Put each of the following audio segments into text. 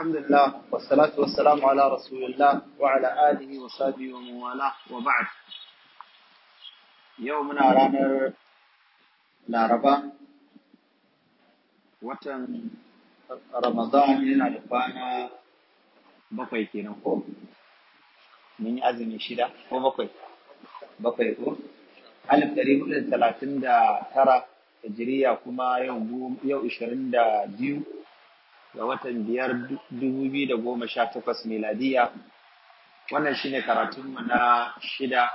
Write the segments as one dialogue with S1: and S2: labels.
S1: الحمد لله والصلاة والسلام على رسول الله وعلى آله وصحبه ومواله وبعد يومنا رانر العربة وطن رمضان لنا لفانا بقوي كينوكو من أزمي شدة هو بقوي بقوي هو أنا بقريب الثلاثين دا ترى تجريا كما يوم يوم إشرين دا ديو ga watan biyar dubu biyu da goma sha takwas miladiya wannan shine karatunmu na shida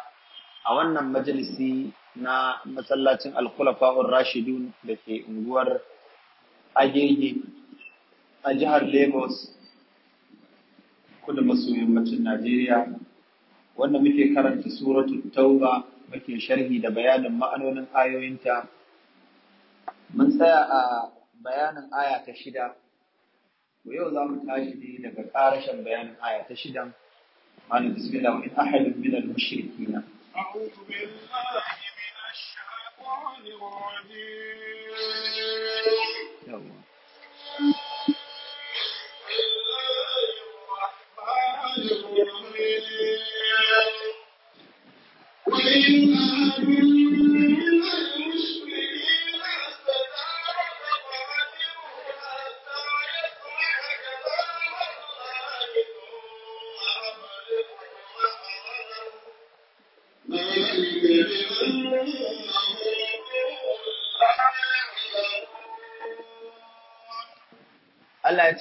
S1: a wannan majalisi na masallacin alkulafa'ur rashidun da ke unguwar agege a jihar lagos kudu maso yammacin najeriya wanda muke karanta suratul tauba muke sharhi da bayanin ma'anonin ayoyinta mun tsaya a bayanin aya ta shida ويو زام تاشدي لك قارشا بيان آية شدا قال بسم الله وإن أحد
S2: من المشركين أعوذ بالله من الشيطان الرجيم يلا Thank you.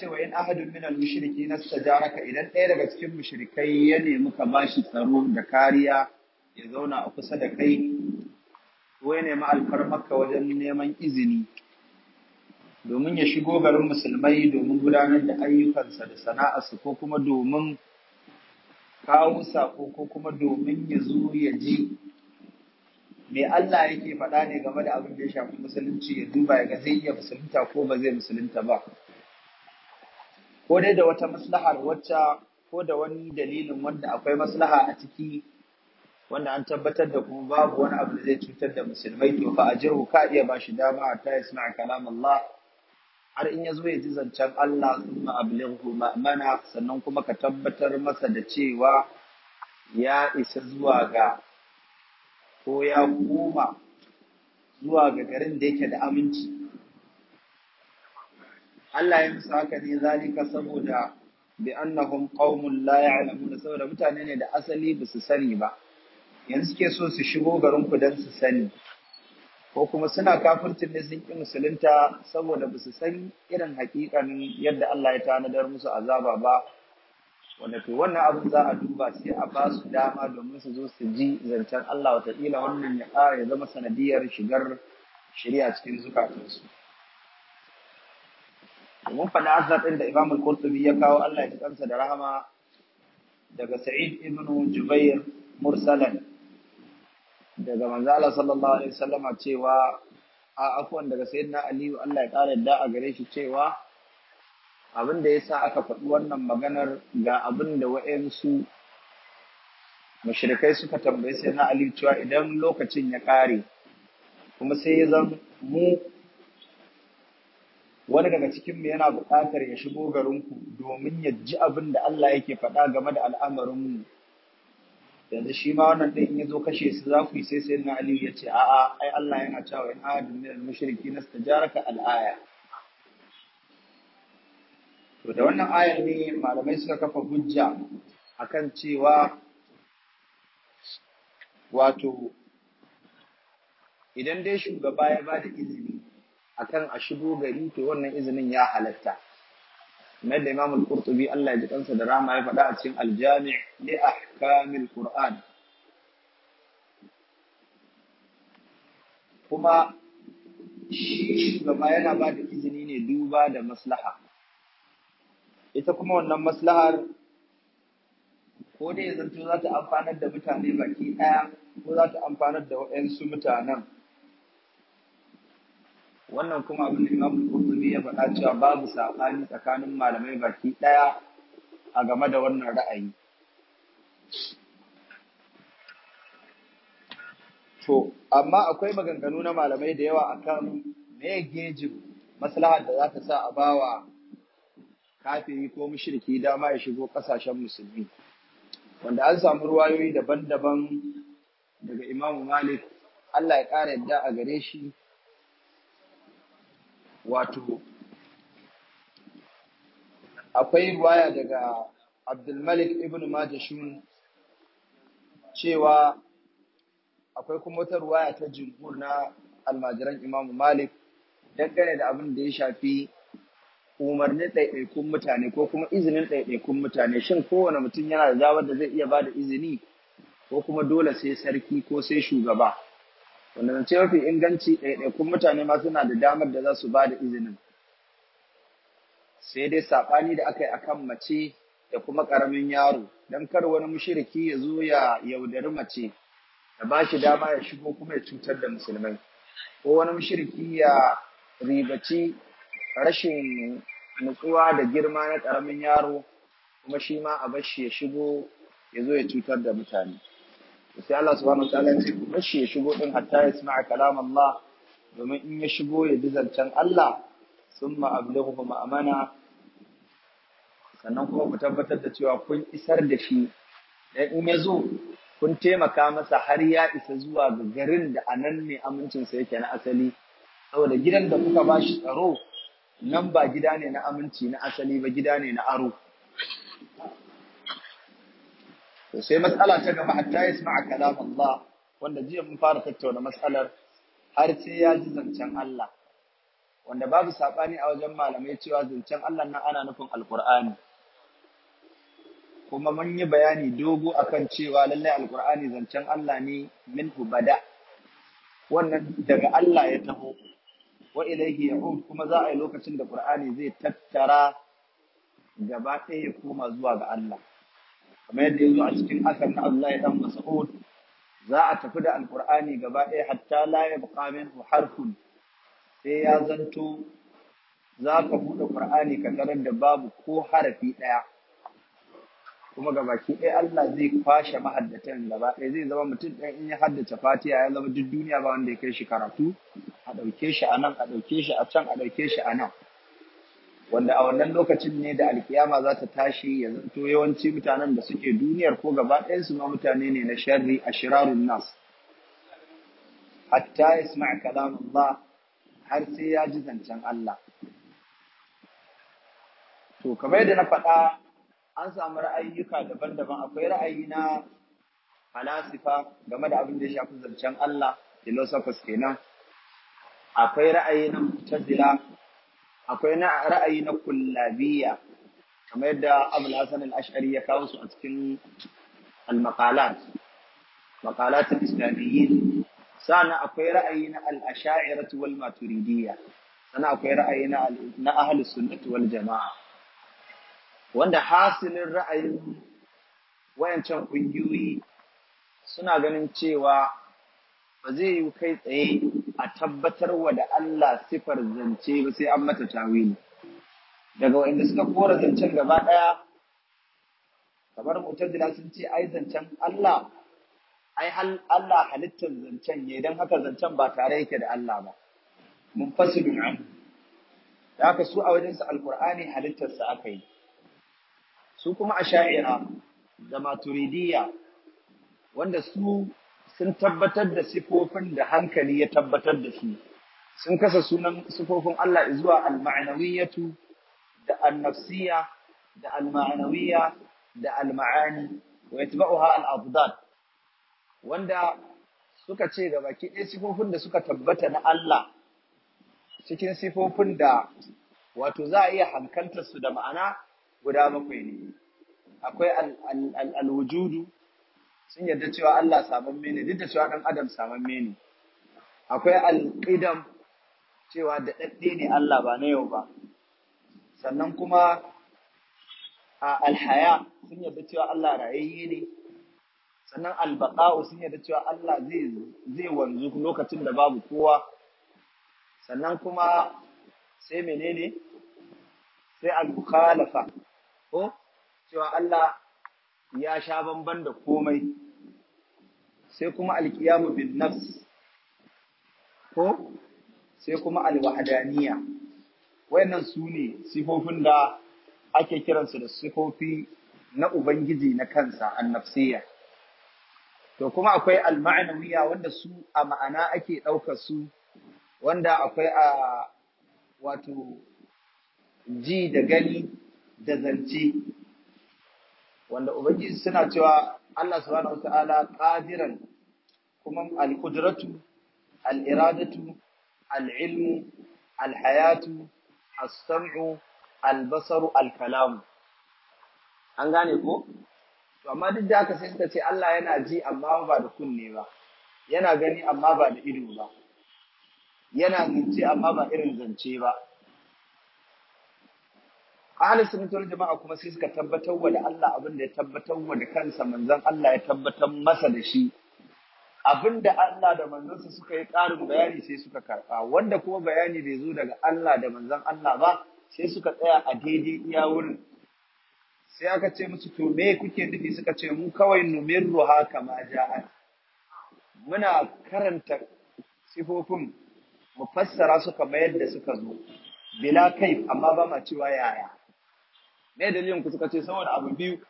S1: ce wa in ahadun min al-mushriki nastajaraka idan ɗaya daga cikin mushrikai ya nemi ka bashi tsaro da kariya ya zauna a kusa da kai wai nemi alfarmaka wajen neman izini domin ya shigo garin musulmai domin gudanar da ayyukansa da sana'arsa ko kuma domin kawo sako ko kuma domin ya zo ya ji me Allah yake faɗa ne game da abin da ya shafi musulunci ya duba ya ga zai iya musulunta ko ba zai musulunta ba ko dai da wata maslahar wacce ko da wani dalilin wanda akwai maslaha a ciki wanda an tabbatar da kuma babu wani abu da zai cutar da musulmai to fa ajiru ka iya ba shi dama ta yasma kalam Allah har in yazo ya ji zancen Allah thumma ablighu ma'mana sannan kuma ka tabbatar masa da cewa ya isa zuwa ga ko ya koma zuwa ga garin da yake da aminci Allah ya musu haka ne zalika saboda bi annahum qaumun la ya'lamun saboda mutane ne da asali ba su sani ba yanzu suke so su shigo garin ku dan su sani ko kuma suna kafircin ne sun ki musulunta saboda ba su san irin hakikanin yadda Allah ya tanadar musu azaba ba wanda to wannan abu za a duba sai a ba su dama domin su zo su ji zancen Allah wataƙila wannan ya ƙara ya zama sanadiyar shigar shari'a cikin zukatansu. mun faɗi asar ɗin da Imam al-Qurtubi ya kawo Allah ya ji kansa da rahama daga Sa'id ibn Jubair mursalan daga manzo Allah sallallahu alaihi wasallama cewa a afwan daga sayyidina Ali Allah ya ƙara da a gare shi cewa abin da yasa aka faɗi wannan maganar ga abin da wa'ansu mushrikai suka tambaye sayyidina Ali cewa idan lokacin ya ƙare kuma sai ya zan mu wani daga cikin mu yana buƙatar ya shigo garinku domin ya ji abin da Allah yake faɗa game da al'amarin mu yanzu shi ma wannan din in zo kashe su za ku yi sai sai na Ali ya ce a'a ai Allah yana cewa in ahadun min al-mushriki nastajaraka al-aya to da wannan ayar ne malamai suka kafa hujja akan cewa wato idan dai shugaba ya ba da izini akan a shigo gari to wannan izinin ya halatta kamar da Imam qurtubi Allah ya ji kansa da rahama ya faɗa a cikin Al-Jami' li ahkamil Qur'an kuma
S2: shugaba
S1: yana ba da izini ne duba da maslaha ita kuma wannan maslahar ko dai zanto za ta amfanar da mutane baki ɗaya ko za ta amfanar da waɗansu mutanen wannan kuma abin da Imam Qurtubi ya faɗa cewa babu saɓani tsakanin malamai baki ɗaya a game da wannan ra'ayi to amma akwai maganganu na malamai da yawa akan me gejin maslahar da za ta sa a bawa kafiri ko mushriki dama ya shigo ƙasashen musulmi wanda an samu ruwayoyi daban-daban daga imamu malik Allah ya ƙara yadda a gare shi wato akwai ruwaya daga Abdulmalik ibn Majashun cewa akwai kuma wata riwaya ta jumhur na almajiran Imamu Malik dangane da abin da ya shafi umarnin ɗaiɗaikun mutane ko kuma izinin ɗaiɗaikun mutane shin kowane mutum yana da damar da zai iya bada izini ko kuma dole sai sarki ko sai shugaba wanda zance mafi inganci kuma mutane ma suna da damar da za su ba da izinin sai dai saɓani da aka yi a kan mace da kuma ƙaramin yaro don kar wani mushiriki ya zo ya yaudari mace da ba shi dama ya shigo kuma ya cutar da musulmai ko wani mushiriki ya ribaci rashin nutsuwa da girma na ƙaramin yaro kuma shi ma a bashi ya shigo ya zo ya cutar da mutane. sai Allah subhanahu wataala ya ce ku ya shigo din hatta ya sami kalam Allah domin in ya shigo ya ji zancen Allah summa ablighu ma'amana sannan kuma ku tabbatar da cewa kun isar da shi dan in ya zo kun taimaka masa har ya isa zuwa ga garin da anan ne amincinsa yake na asali saboda gidan da kuka ba shi tsaro nan ba gida ne na aminci na asali ba gida ne na aro to sai matsala ta gaba hatta sama kalam Allah wanda jiya mun fara tattauna matsalar har sai ya ji zancen Allah wanda babu sabani a wajen malamai cewa zancen Allah nan ana nufin alqur'ani kuma mun yi bayani dogo akan cewa lallai alqur'ani zancen Allah ne min hubada. wannan daga Allah ya taho wa ilayhi ya'ud kuma za a yi lokacin da qur'ani zai tattara gaba ɗaya ya koma zuwa ga Allah kamar yadda zo a cikin asar na Allah ya dan Mas'ud za a tafi da alqur'ani gaba ɗaya hatta la yabqa minhu harfun sai ya zanto za ka buɗe ƙur'ani ka tarar da babu ko harafi ɗaya kuma baki ɗaya Allah zai kwashe mahaddatan gaba ɗaya zai zama mutum ɗaya in ya haddace Fatiya ya zama duk duniya ba wanda ya kai shi karatu a ɗauke shi a nan a ɗauke shi a can a ɗauke shi a nan wanda a wannan lokacin ne da alkiyama za ta tashi ya zanto yawanci mutanen da suke duniyar ko gaba su ma mutane ne na sharri a shirarun nas hatta yasma kalamullah har sai ya ji zancen Allah to kamar yadda na faɗa an samu ra'ayyuka daban-daban akwai ra'ayi na falasifa game da abin da ya shafi zancen Allah philosophers kenan akwai ra'ayi na mutazila akwai na ra'ayi na kullabiya kamar yadda abul hasan al-ash'ari ya kawo su a cikin al-maqalat maqalat al-islamiyyin sana akwai ra'ayi na al-ash'ariyah wal maturidiyya sana akwai ra'ayi na na ahlus sunnah wal jamaa wanda hasilin ra'ayin wayancan kungiyoyi suna ganin cewa ba zai yi kai tsaye a tabbatar wa da Allah sifar zance ba sai an mata tawili daga waɗanda suka kora zancen gaba ɗaya kamar mutajila sun ce ai zancen Allah ai Allah halittar zancen ne don haka zancen ba tare yake da Allah ba mun fasilun an da haka su a wajensu alkur'ani halittarsa aka yi su kuma a sha'ira da maturidiyya wanda su sun tabbatar da sifofin da hankali ya tabbatar da su. sun kasa sunan sifofin Allah zuwa al da an-nafsiyya da al-ma'nawiyya da al-ma'ani wa yatba'uha al-afdal wanda suka ce ga baki ɗaya sifofin da suka tabbata na Allah cikin sifofin da wato za a iya hankaltarsu su da ma'ana guda bakwai ne akwai al-wujudu sun yarda cewa Allah sabon mene duk da cewa ɗan adam sabon mene akwai alƙidam cewa da ɗaɗɗe ne Allah ba na yau ba sannan kuma a alhaya sun yarda cewa Allah rayayye ne sannan albaƙa'u sun yarda cewa Allah zai zai wanzu lokacin da babu kowa sannan kuma sai menene sai al-mukhalafa ko cewa Allah ya sha bamban da komai sai kuma alƙiyamu bin nafs ko sai kuma alwahdaniya wayannan su ne sifofin da ake kiransu da sifofi na ubangiji na kansa annafsiya to kuma akwai alma'anawiya wanda su a ma'ana ake ɗauka su wanda akwai a wato ji da gani da zance wanda ubangiji suna cewa Allah subhanahu wata'ala qadiran kuma al-qudratu al-iradatu al-ilmu al-hayatu samu al-basaru an gane ko to amma duk da haka sai suka ce Allah yana ji amma ba da kunne ba yana gani amma ba da ido ba yana zance amma ba irin zance ba ahlus sunnah jama'a kuma sai suka tabbatar wa da Allah abin da ya tabbatar wa da kansa manzon Allah ya tabbatar masa da shi Abinda Allah da manzonsa suka yi ƙarin bayani sai suka karɓa wanda kuma bayani bai zo daga Allah da manzon Allah ba sai suka tsaya a daidai iya wurin sai aka ce musu to me kuke nufi suka ce mu kawai numirru haka ma ja'at muna karanta sifofin mu fassara suka mayar da suka zo bila kai amma ba ma cewa yaya me dalilin ku suka ce saboda abu biyu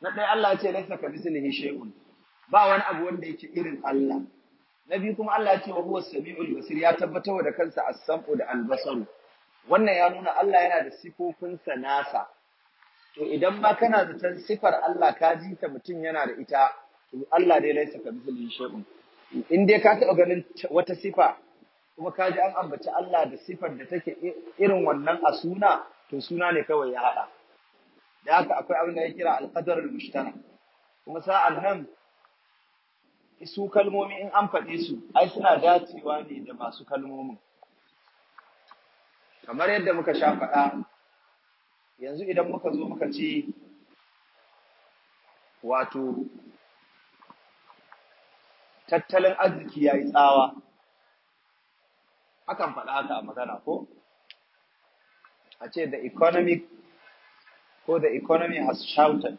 S1: na ɗaya Allah ce laisa ka mislihi shay'un ba wani abu wanda yake irin Allah na biyu kuma Allah ya ce wa huwa samiul basir ya tabbatar da kansa as-sam'u da al basar wannan ya nuna Allah yana da sifofinsa nasa to idan ma kana tan sifar Allah ka ji ta mutum yana da ita to Allah dai laisa ka mislihi shay'un in dai ka taɓa ganin wata sifa kuma ka ji an ambaci Allah da sifar da take irin wannan a suna to suna ne kawai ya haɗa da haka akwai abin da ya kira alƙadar al-mushtara kuma sa alham su kalmomi in an faɗe su ai suna dacewa ne da masu kalmomin kamar yadda muka sha faɗa yanzu idan muka zo muka ce wato tattalin arziki ya yi tsawa akan faɗa haka a magana ko a ce da economic ko da economy has shouted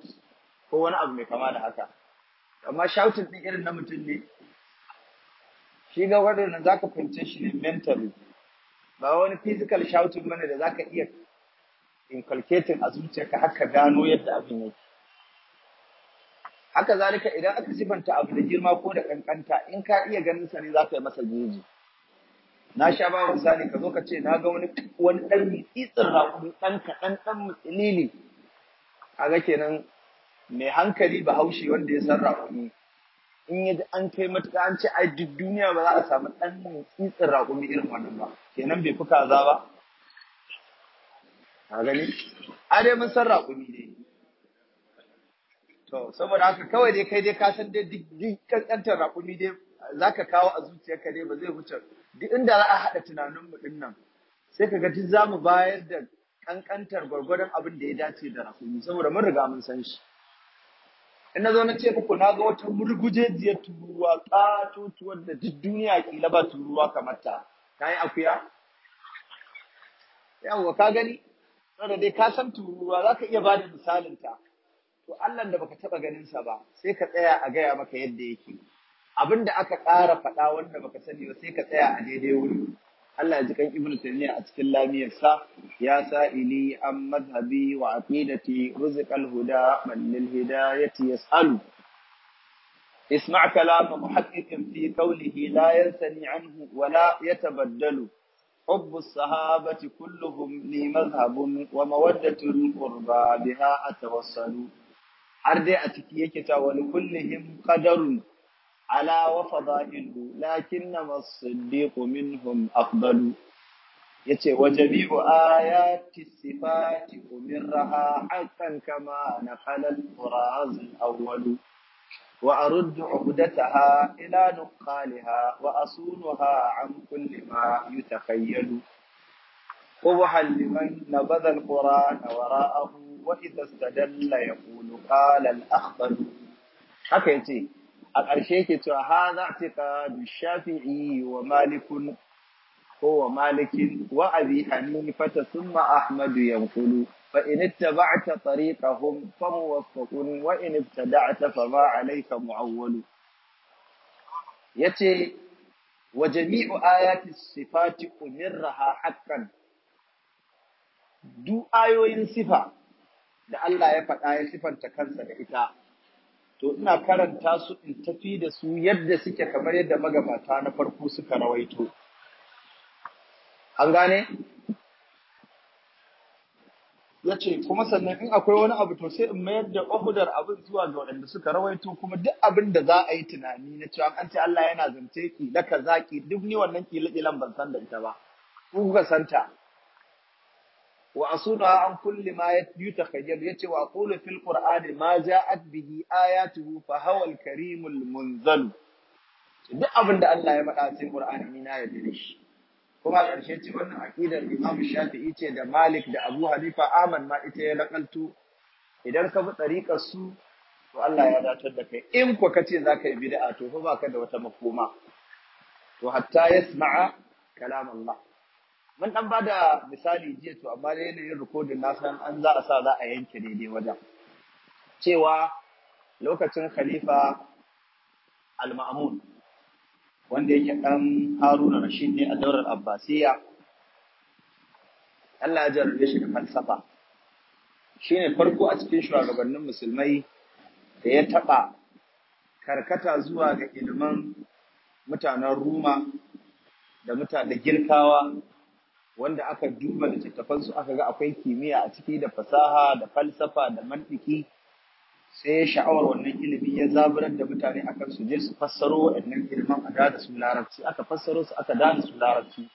S1: ko wani abu mai kama da haka amma shouted din irin na mutum ne shi ga wadda za ka fahimce shi ne mentally ba wani physical shouting bane da zaka iya inculcating a zuciyarka haka gano yadda abin yake haka zalika idan aka sifanta abu da girma ko da kankanta in ka iya ganin sa ne zaka yi masa jiji na sha ba misali ka zo ka ce na ga wani wani dan tsitsin raƙumi dan kaɗan dan mutsilili kaga kenan mai hankali bahaushe wanda ya san raƙumi in ya ji an kai matuƙa an ce ai duk duniya ba za a samu ɗan tsitsin raƙumi irin wannan ba kenan bai fi kaza ba a gani a dai mun san raƙumi ne to saboda haka kawai dai kai dai ka san dai duk kankantar raƙumi dai za ka kawo a zuciyarka dai ba zai wuce duk inda za a haɗa tunanin mu ɗin nan sai ka ga duk za mu bayar da kankantar gwargwadon abin da ya dace da rakumi saboda mun riga mun san shi in na zo na ce muku na ga wata murguje jiya turuwa ƙatotuwar da duk duniya kila ba turuwa kamar ta kai akuya yawwa ka gani saboda dai ka san turuwa za ka iya ba da misalin ta to Allah da baka taba ganin sa ba sai ka tsaya a gaya maka yadda yake abin da aka ƙara faɗa wanda baka sani ba sai ka tsaya a daidai wuri Allah ya ji kan Ibn a cikin lamiyarsa ya sa'ili an mazhabi wa aqidati rizqal huda man lil hidayati yas'alu اسمع كلام محقق في قوله لا ينثني عنه ولا يتبدل حب الصحابة كلهم لي ومودة القربى بها أتوصل har dai a ciki yake ta wani kullihim على وفضائل لكنما الصديق منهم أفضل يتي وجميع آيات الصفات أمرها حقا كما نقل الفراز الأول وأرد عقدتها إلى نقالها وأصونها عن كل ما يتخيل قبحا لمن نبذ القرآن وراءه وإذا استدل يقول قال الأخضر حكيتي a ƙarshe yake cewa ha za a shafi'i wa malikun ko wa malikin wa abi hanifata summa ahmadu yankulu fa in ittaba'ta tariqahum fa muwaffaqun wa in ibtada'ta fa ma alayka mu'awwalu yace wa jami'u ayati sifati umirraha haqqan du ayoyin sifa da Allah ya faɗa ya sifanta kansa da ita to ina karanta su in tafi da su yadda suke kamar yadda magabata na farko suka rawaito an gane ya ce kuma sannan in akwai wani abu to sai in mayar da ƙwahudar abin zuwa ga waɗanda suka rawaito kuma duk abin da za a yi tunani na cewa an ce Allah yana zance ki laka zaƙi duk ni wannan kila kilan ban san da ita ba ku kuka santa wa asuna an kulli ma yutakhayyal yace wa qulu fil qur'ani ma ja'at bihi ayatuhu fa duk abin da Allah ya faɗa cikin qur'ani ni na ya da shi kuma a ƙarshe ce wannan aqidar Imam Shafi'i ce da Malik da Abu Hanifa Ahmad ma ita ya nakalto idan ka bi tariƙar su to Allah ya datar da kai in ko kace zaka yi bid'a to fa baka da wata makoma to hatta yasma'a kalam Allah mun dan da misali jiya to amma da yanayin rikodin na san an za a sa za a yanke daidai wajen cewa lokacin khalifa al-ma'mun wanda yake dan Haruna Rashid ne a daular Abbasiyya Allah ya jarrabe shi da falsafa shine farko a cikin shugabannin musulmai da ya taɓa karkata zuwa ga ilimin mutanen Ruma da mutanen Girkawa wanda aka duba littattafansu aka ga akwai kimiyya a ciki da fasaha da falsafa da mantiki sai ya sha'awar wannan ilimi ya zaburar da mutane akan su je su fassaro waɗannan ilimin a da su larabci aka fassaro su aka dada su larabci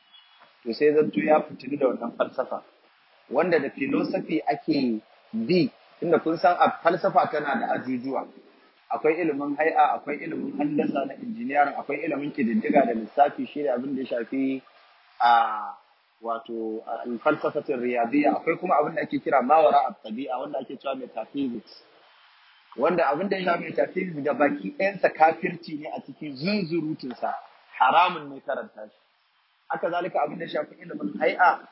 S1: to sai zanto ya fitilu da wannan falsafa wanda da philosophy ake bi inda kun san a falsafa tana da ajujuwa akwai ilimin hai'a akwai ilimin handasa na injiniyar akwai ilimin kididdiga da lissafi shi da abin da ya shafi a ah, wato falsafatin riyadiyya akwai kuma abin da ake kira mawara a tabi'a wanda ake cewa metaphysics wanda abin da ya shafi metaphysics ga baki ɗayansa kafirci ne a cikin zunzurutunsa haramun ne karanta shi haka zalika abin da shafi ilimin hai'a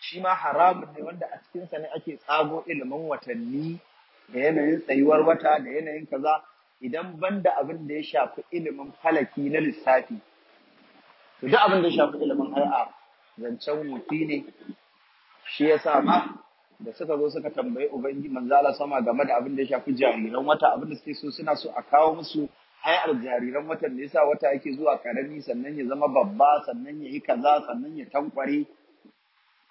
S1: shi ma haramun ne wanda a cikinsa ne ake tsago ilimin watanni da yanayin tsayuwar wata da yanayin kaza idan ban da abin da ya shafi ilimin falaki na lissafi to duk abin da ya shafi ilimin hai'a zancen wuti ne shi ya sa ma da suka zo suka tambayi ubangi manzala sama game da abin da ya shafi jariran wata abin da suke so suna so a kawo musu hayar jariran watan da ya sa wata yake zuwa karami sannan ya zama babba sannan ya yi kaza sannan ya tankware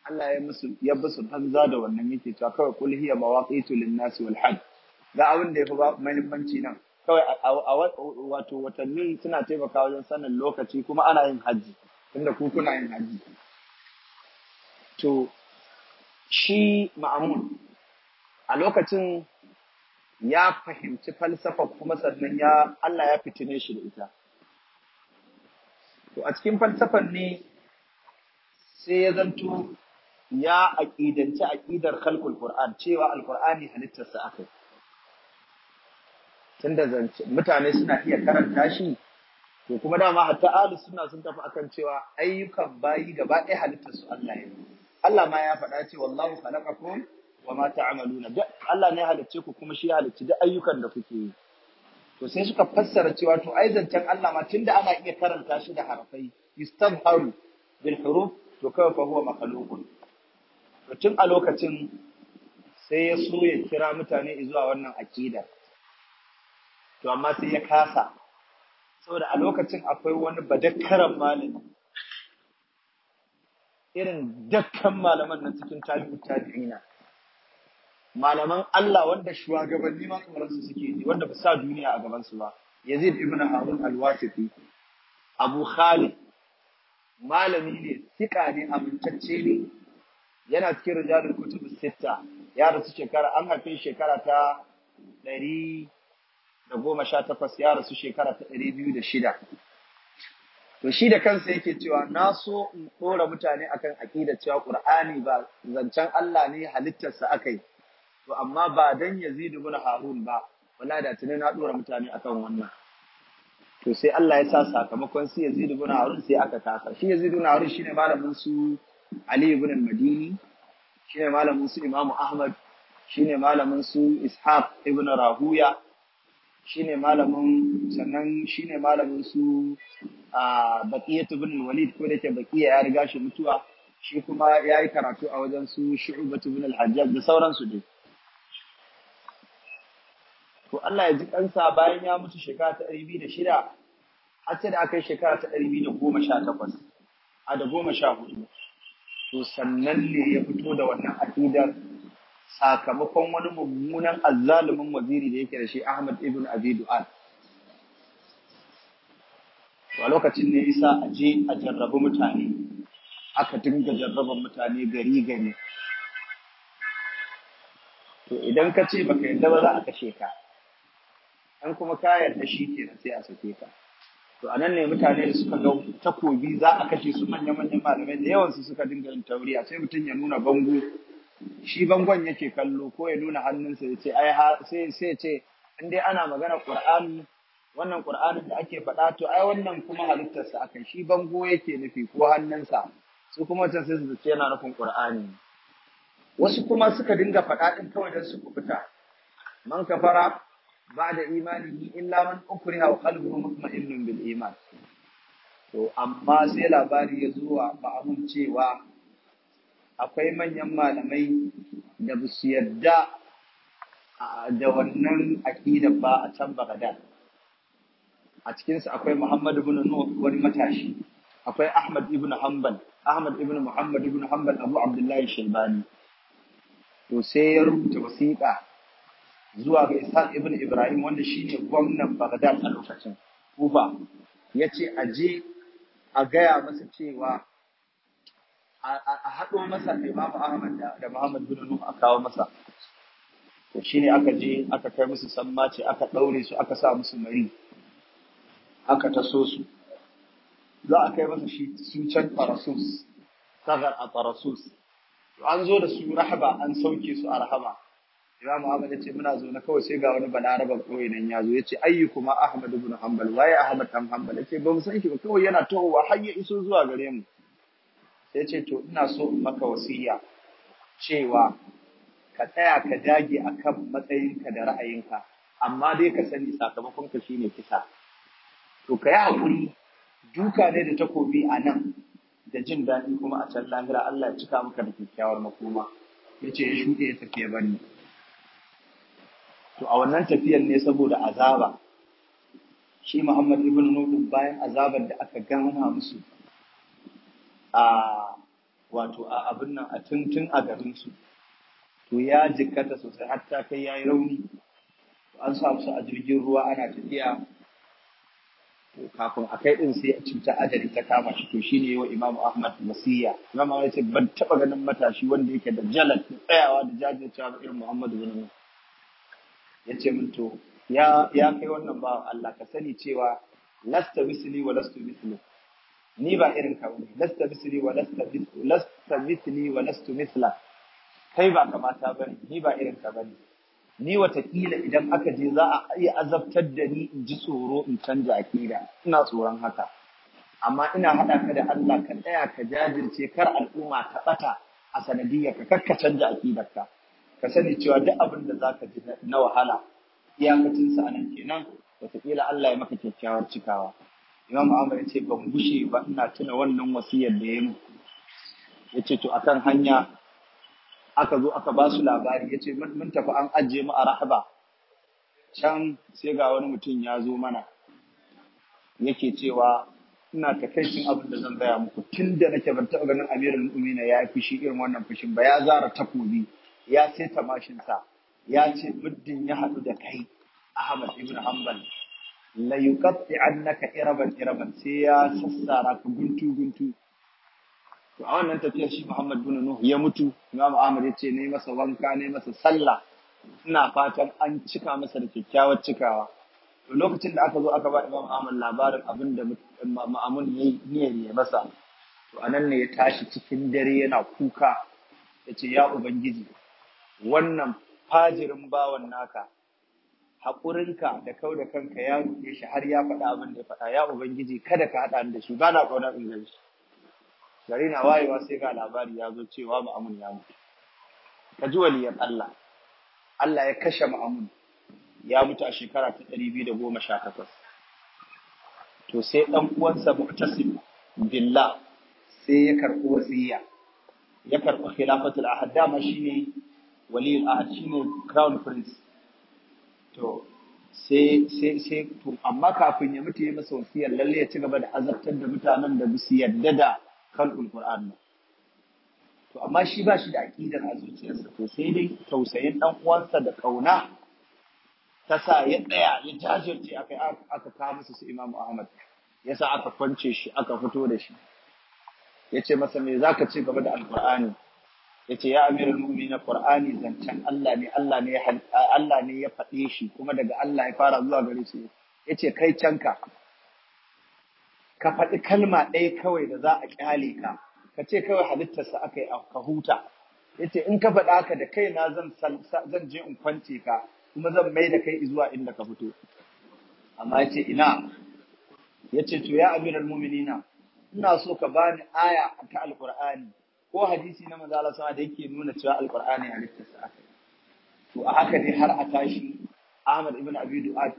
S1: Allah ya musu ya banza da wannan yake cewa kawai kul hiya mawaqitu lin nasi wal hajj ga abin da yafi muhimmanci nan kawai wato watanni suna taimakawa wajen sanin lokaci kuma ana yin hajji, tunda ku kuna yin hajji. to shi ma'amun a lokacin ya fahimci falsafa kuma sannan ya Allah ya fitine shi da ita to a cikin falsafan ne sai ya zanto ya aqidanci aqidar khalqul qur'an cewa alqur'ani halittarsa akai tunda zance mutane suna iya karanta shi to kuma dama hatta ahlus sunna sun tafi akan cewa ayyukan bayi gaba ɗaya halittar su Allah ya yi Allah ma ya faɗa ce wallahu khalaqakum wa ma ta'maluna duk Allah ne halicce ku kuma shi halicci duk ayyukan da kuke yi to sai suka fassara cewa to ai zancan Allah ma tunda ana iya karanta shi da harfai istabharu bil huruf to kawai fa huwa makhluqun to tun a lokacin sai ya so ya kira mutane zuwa wannan aqida to amma sai ya kasa saboda a lokacin akwai wani badakkaran malami irin dakkan malaman na cikin ta tabi'ina malaman Allah wanda shugabanni ma kamar su suke yi, wanda ba sa duniya a gaban su ba Yazid ibn Harun al wasiti Abu Khalid malami ne sika ne amintacce ne yana cikin rijalul kutub sitta ya rasu shekara an haife shekara ta 118 ya rasu shekara ta shida. to shi da kansa yake cewa na so in ɗora mutane akan aƙida cewa ƙur'ani ba zancen Allah ne halittarsa aka yi to amma ba dan yazidu ibn Harun ba wala da tuni na ɗora mutane akan wannan to sai Allah ya sa sakamakon su yazidu ibn Harun sai aka kasa shi yazidu ibn Harun shine malamin su Ali ibn al-Madini shine malamin su Imam Ahmad shine malamin su Ishaq ibn Rahuya shine malamin sannan shine malamin su a ta bin Walid ko da ke Baqiya ya riga shi mutuwa shi kuma ya yi karatu a wajen su Shu'batu bin al-Hajjaj da sauransu dai to Allah ya ji kansa bayan ya mutu shekara ta 206 har sai da aka yi shekara ta 218 a da 14 to sannan ne ya fito da wannan akidar sakamakon wani mummunan azzalumin waziri da yake da shi Ahmad ibn Abi Du'al to a lokacin ne isa a je a jarrabi mutane aka dinga jarraban mutane gari gari to idan ka ce baka yadda ba za a kashe ka an kuma ka yarda shi ke na sai a sake ka to a nan ne mutane da suka ga takobi za a kashe su manya manyan malamai da yawan su suka dinga yin tauriya sai mutum ya nuna bango shi bangon yake kallo ko ya nuna hannunsa ya ce ai sai ya ce in dai ana magana ƙur'ani wannan ƙur'ani da ake faɗa to ai wannan kuma halittarsa a kan shi bango yake nufi ko hannunsa su kuma can sai su ce yana nufin ƙur'ani. wasu kuma suka dinga faɗa ɗin kawai don su kubuta man kafara da imanihi illa man ukriha wa qalbuhu mutma'innun bil iman to amma sai labari ya zuwa ba cewa akwai manyan malamai da ba su yarda da wannan aƙidar ba a can Baghdad. A cikinsu akwai Muhammad ibn Nuh wani matashi, akwai Ahmad ibn Hanbal, Ahmad ibn Muhammad ibn Hanbal Abu Abdullahi Shaibani. To sai ya rubuta wasiƙa zuwa ga Isa ibn Ibrahim wanda shi ne gwamnan Baghdad a lokacin. Kufa ya ce a a gaya masa cewa a haɗo masa Imam Ahmad da Muhammad bin Nuh a kawo masa to shine aka je aka kai musu sammaci aka daure su aka sa musu mari aka taso su za a kai masa shi su can Tarasus sagar a Tarasus to an zo da su Rahaba an sauke su a Rahaba Imam Ahmad yace muna zo na kawai sai ga wani balaraba koyi nan ya zo yace ayyukuma Ahmad ibn Hanbal waye Ahmad dan Hanbal yace ba mu san shi ba kawai yana tahowa har ya iso zuwa gare mu sai ce to ina so in maka wasiya cewa ka tsaya ka dage akan matsayinka da ra'ayinka amma dai ka sani sakamakon ka shine kisa to ka yi hakuri duka ne da takobi a nan da jin daɗi kuma a can lahira Allah ya cika maka da kyakkyawar makoma Ya ce ya shuɗe ya tafi ya bani to a wannan tafiyar ne saboda azaba shi Muhammad ibn Nuh bayan azabar da aka gana musu a wato a abin nan a tuntun a garin su to ya jikkata sosai hatta kai yayi rauni an sa su a jirgin ruwa ana tafiya to kafin a kai din sai cuta ajali ta kama shi to shine wa Imam Ahmad wasiya Imam Ahmad ce ban taba ganin matashi wanda yake da jalal tsayawa da jajircewa irin Muhammadu bin yace min to ya ya kai wannan ba Allah ka sani cewa lasta misli wa lastu mithlu ni ba irin ka bane lasta misli wa lasta mislu lasta mithli wa lasta mithla kai ba kamata bane ni ba irin ka bane ni watakila idan aka je za a iya azabtar da ni in ji tsoro in canja akida ina tsoron haka amma ina haɗa ka da Allah ka daya ka jajirce kar al'umma ta ɓata a sanadiyar ka kar ka canja akidar ka sani cewa duk abin da zaka ji na wahala iyakacin sa anan kenan watakila. Allah ya maka kyakkyawar cikawa imam Ahmad ya ce ban gushe ba ina tuna wannan wasiyar da ya mu ya ce to akan hanya aka zo aka ba su labari ya ce mun tafi an ajiye mu a rahaba can sai ga wani mutum ya zo mana yake cewa ina takaicin abin da zan gaya muku tun da nake ban taɓa ganin amirul Umina ya fushi irin wannan fushin ba ya zara takobi ya sai tamashinsa ya ce muddin ya haɗu da kai Ahmad ibn Hanbal la yuqatti annaka iraban iraban sai ya sassara ka guntu guntu to a wannan tafiyar shi Muhammad bin Nuh ya mutu Imam Ahmad ya ce ne masa wanka ne masa sallah ina fatan an cika masa da kyakkyawar cikawa to lokacin da aka zo aka ba Imam Ahmad labarin abinda da Ma'amun ya ne masa to anan ne ya tashi cikin dare yana kuka yace ya ubangiji wannan fajirin bawan naka ka da kau da kanka ya rufe shi har ya faɗa abin da ya faɗa ya ubangiji kada ka haɗa da shi ba na ƙauna in gan shi gari na wayewa sai ga labari ya zo cewa ma'amun ya mutu ka ji waliyan Allah Allah ya kashe ma'amun ya mutu a shekara ta ɗari biyu da goma sha takwas to sai ɗan uwansa mu'tasim billah sai ya karɓi wasiyya ya karɓi khilafatul ahad dama shine waliyul ahad shine crown prince to sai sai sai to amma kafin ya mutu ya masa wasiya lalle ya ci gaba da azabtar da mutanen da su yadda da kan qur'an to amma shi ba shi da aqidar a zuciyarsa to sai dai tausayin ɗan uwansa da kauna ta sa ya daya ya jajirce aka aka kawo musu su Imam Ahmad yasa aka kwance shi aka fito da shi yace masa me zaka ci gaba da alqur'ani yace ya amirul mu'minin qur'ani zancan Allah ne Allah ne Allah ne ya faɗe shi kuma daga Allah ya fara zuwa gare shi yace kai canka ka faɗi kalma ɗaya kawai da za a kyale ka ka ce kawai halittarsa aka yi ka huta yace in ka faɗa haka da kaina zan zan je in kwance ka kuma zan mai da kai zuwa inda ka fito amma yace ina yace to ya amirul mu'minina ina so ka bani aya ta alqur'ani ko hadisi na manzo Allah wasallam da yake nuna cewa alqur'ani ya sa aka to a haka ne har a tashi Ahmad ibn Abi Du'ad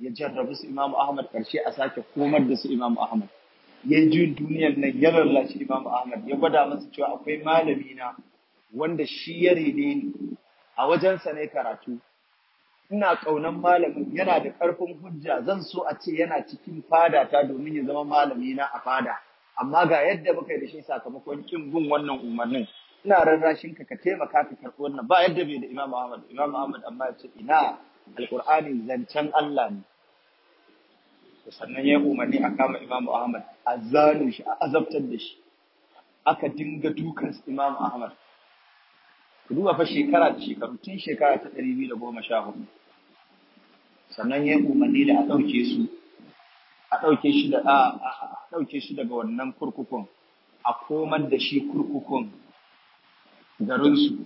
S1: ya jarrabu su Imam Ahmad karshe a sake komar da su Imam Ahmad ya ji duniyar nan ya lallashi Imam Ahmad ya gwada masa cewa akwai malami na wanda shi ya rene ni a wajensa ne karatu ina ƙaunan malamin yana da karfin hujja zan so a ce yana cikin fada ta domin ya zama malami na a fada amma ga yadda muka yi da shi sakamakon kin bin wannan umarnin ina rarrashin ka ka taimaka ka karɓi wannan ba yadda bai da Imam Ahmad Imam Muhammad amma ya ce ina alqur'ani zancen Allah ne sannan ya umarni a kama Imam Ahmad a zalu shi a azabtar da shi aka dinga dukan Imam Ahmad ku duba fa shekara da shekaru tun shekara ta 2014 sannan ya umarni da a ɗauke su a ɗauke shi da a ɗauke shi daga wannan kurkukun a komar da shi kurkukun garinsu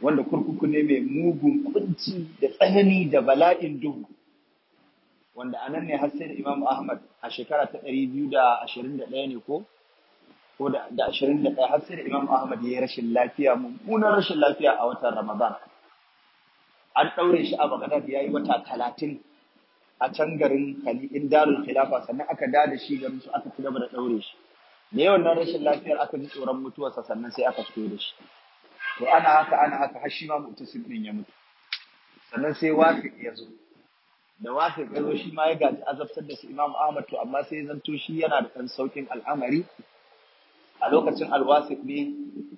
S1: wanda kurkuku ne mai mugun kunci da tsanani da bala'in duhu wanda anan ne har sai da Imam Ahmad a shekara ta 221 ne ko ko da 21 har sai da Imam Ahmad ya yi rashin lafiya mummunan rashin lafiya a watan Ramadan an ɗaure shi a Baghdad ya yi wata talatin a can garin Kali in Darul Khilafa sannan aka da da shi garin su aka ci gaba da ɗaure shi ne wannan rashin lafiyar aka ji tsoron mutuwarsa sannan sai aka fito da shi to ana haka ana haka har shi ma mutusin din ya mutu sannan sai wafi ya zo da wafi ya zo shi ma ya gaji azabtar da su Imam Ahmad to amma sai zanto shi yana da ɗan saukin al'amari a lokacin alwasif ne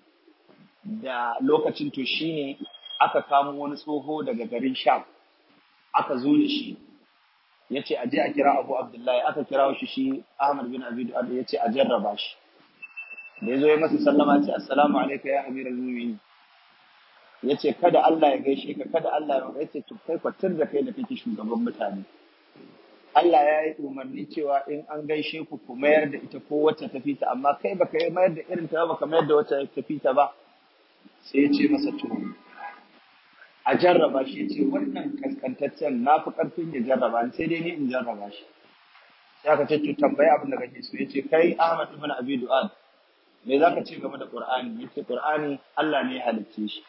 S1: da lokacin to shine aka kamo wani tsoho daga garin Sham aka zo da shi yace aje a kira Abu Abdullahi aka kira shi shi Ahmad bin Abi Du'ad yace a jarraba shi da yazo ya masa sallama ce assalamu alayka ya amiral mu'minin yace kada Allah ya gaishe ka kada Allah ya yace to kai kwatar da kai da kake shugaban mutane Allah ya yi umarni cewa in an gaishe ku ku mayar da ita ko wacce ta fita amma kai baka yi mayar da irin ta baka mayar da wacce ta fita ba sai ya ce masa to a jarraba shi ce wannan kaskantaccen na fi ƙarfin ya jarraba ni sai dai ni in jarraba shi sai aka ce to tambaya abin da kake so yace kai Ahmad ibn Abi Du'ad me zaka ce game da Qur'ani yace Qur'ani Allah ne ya halicce shi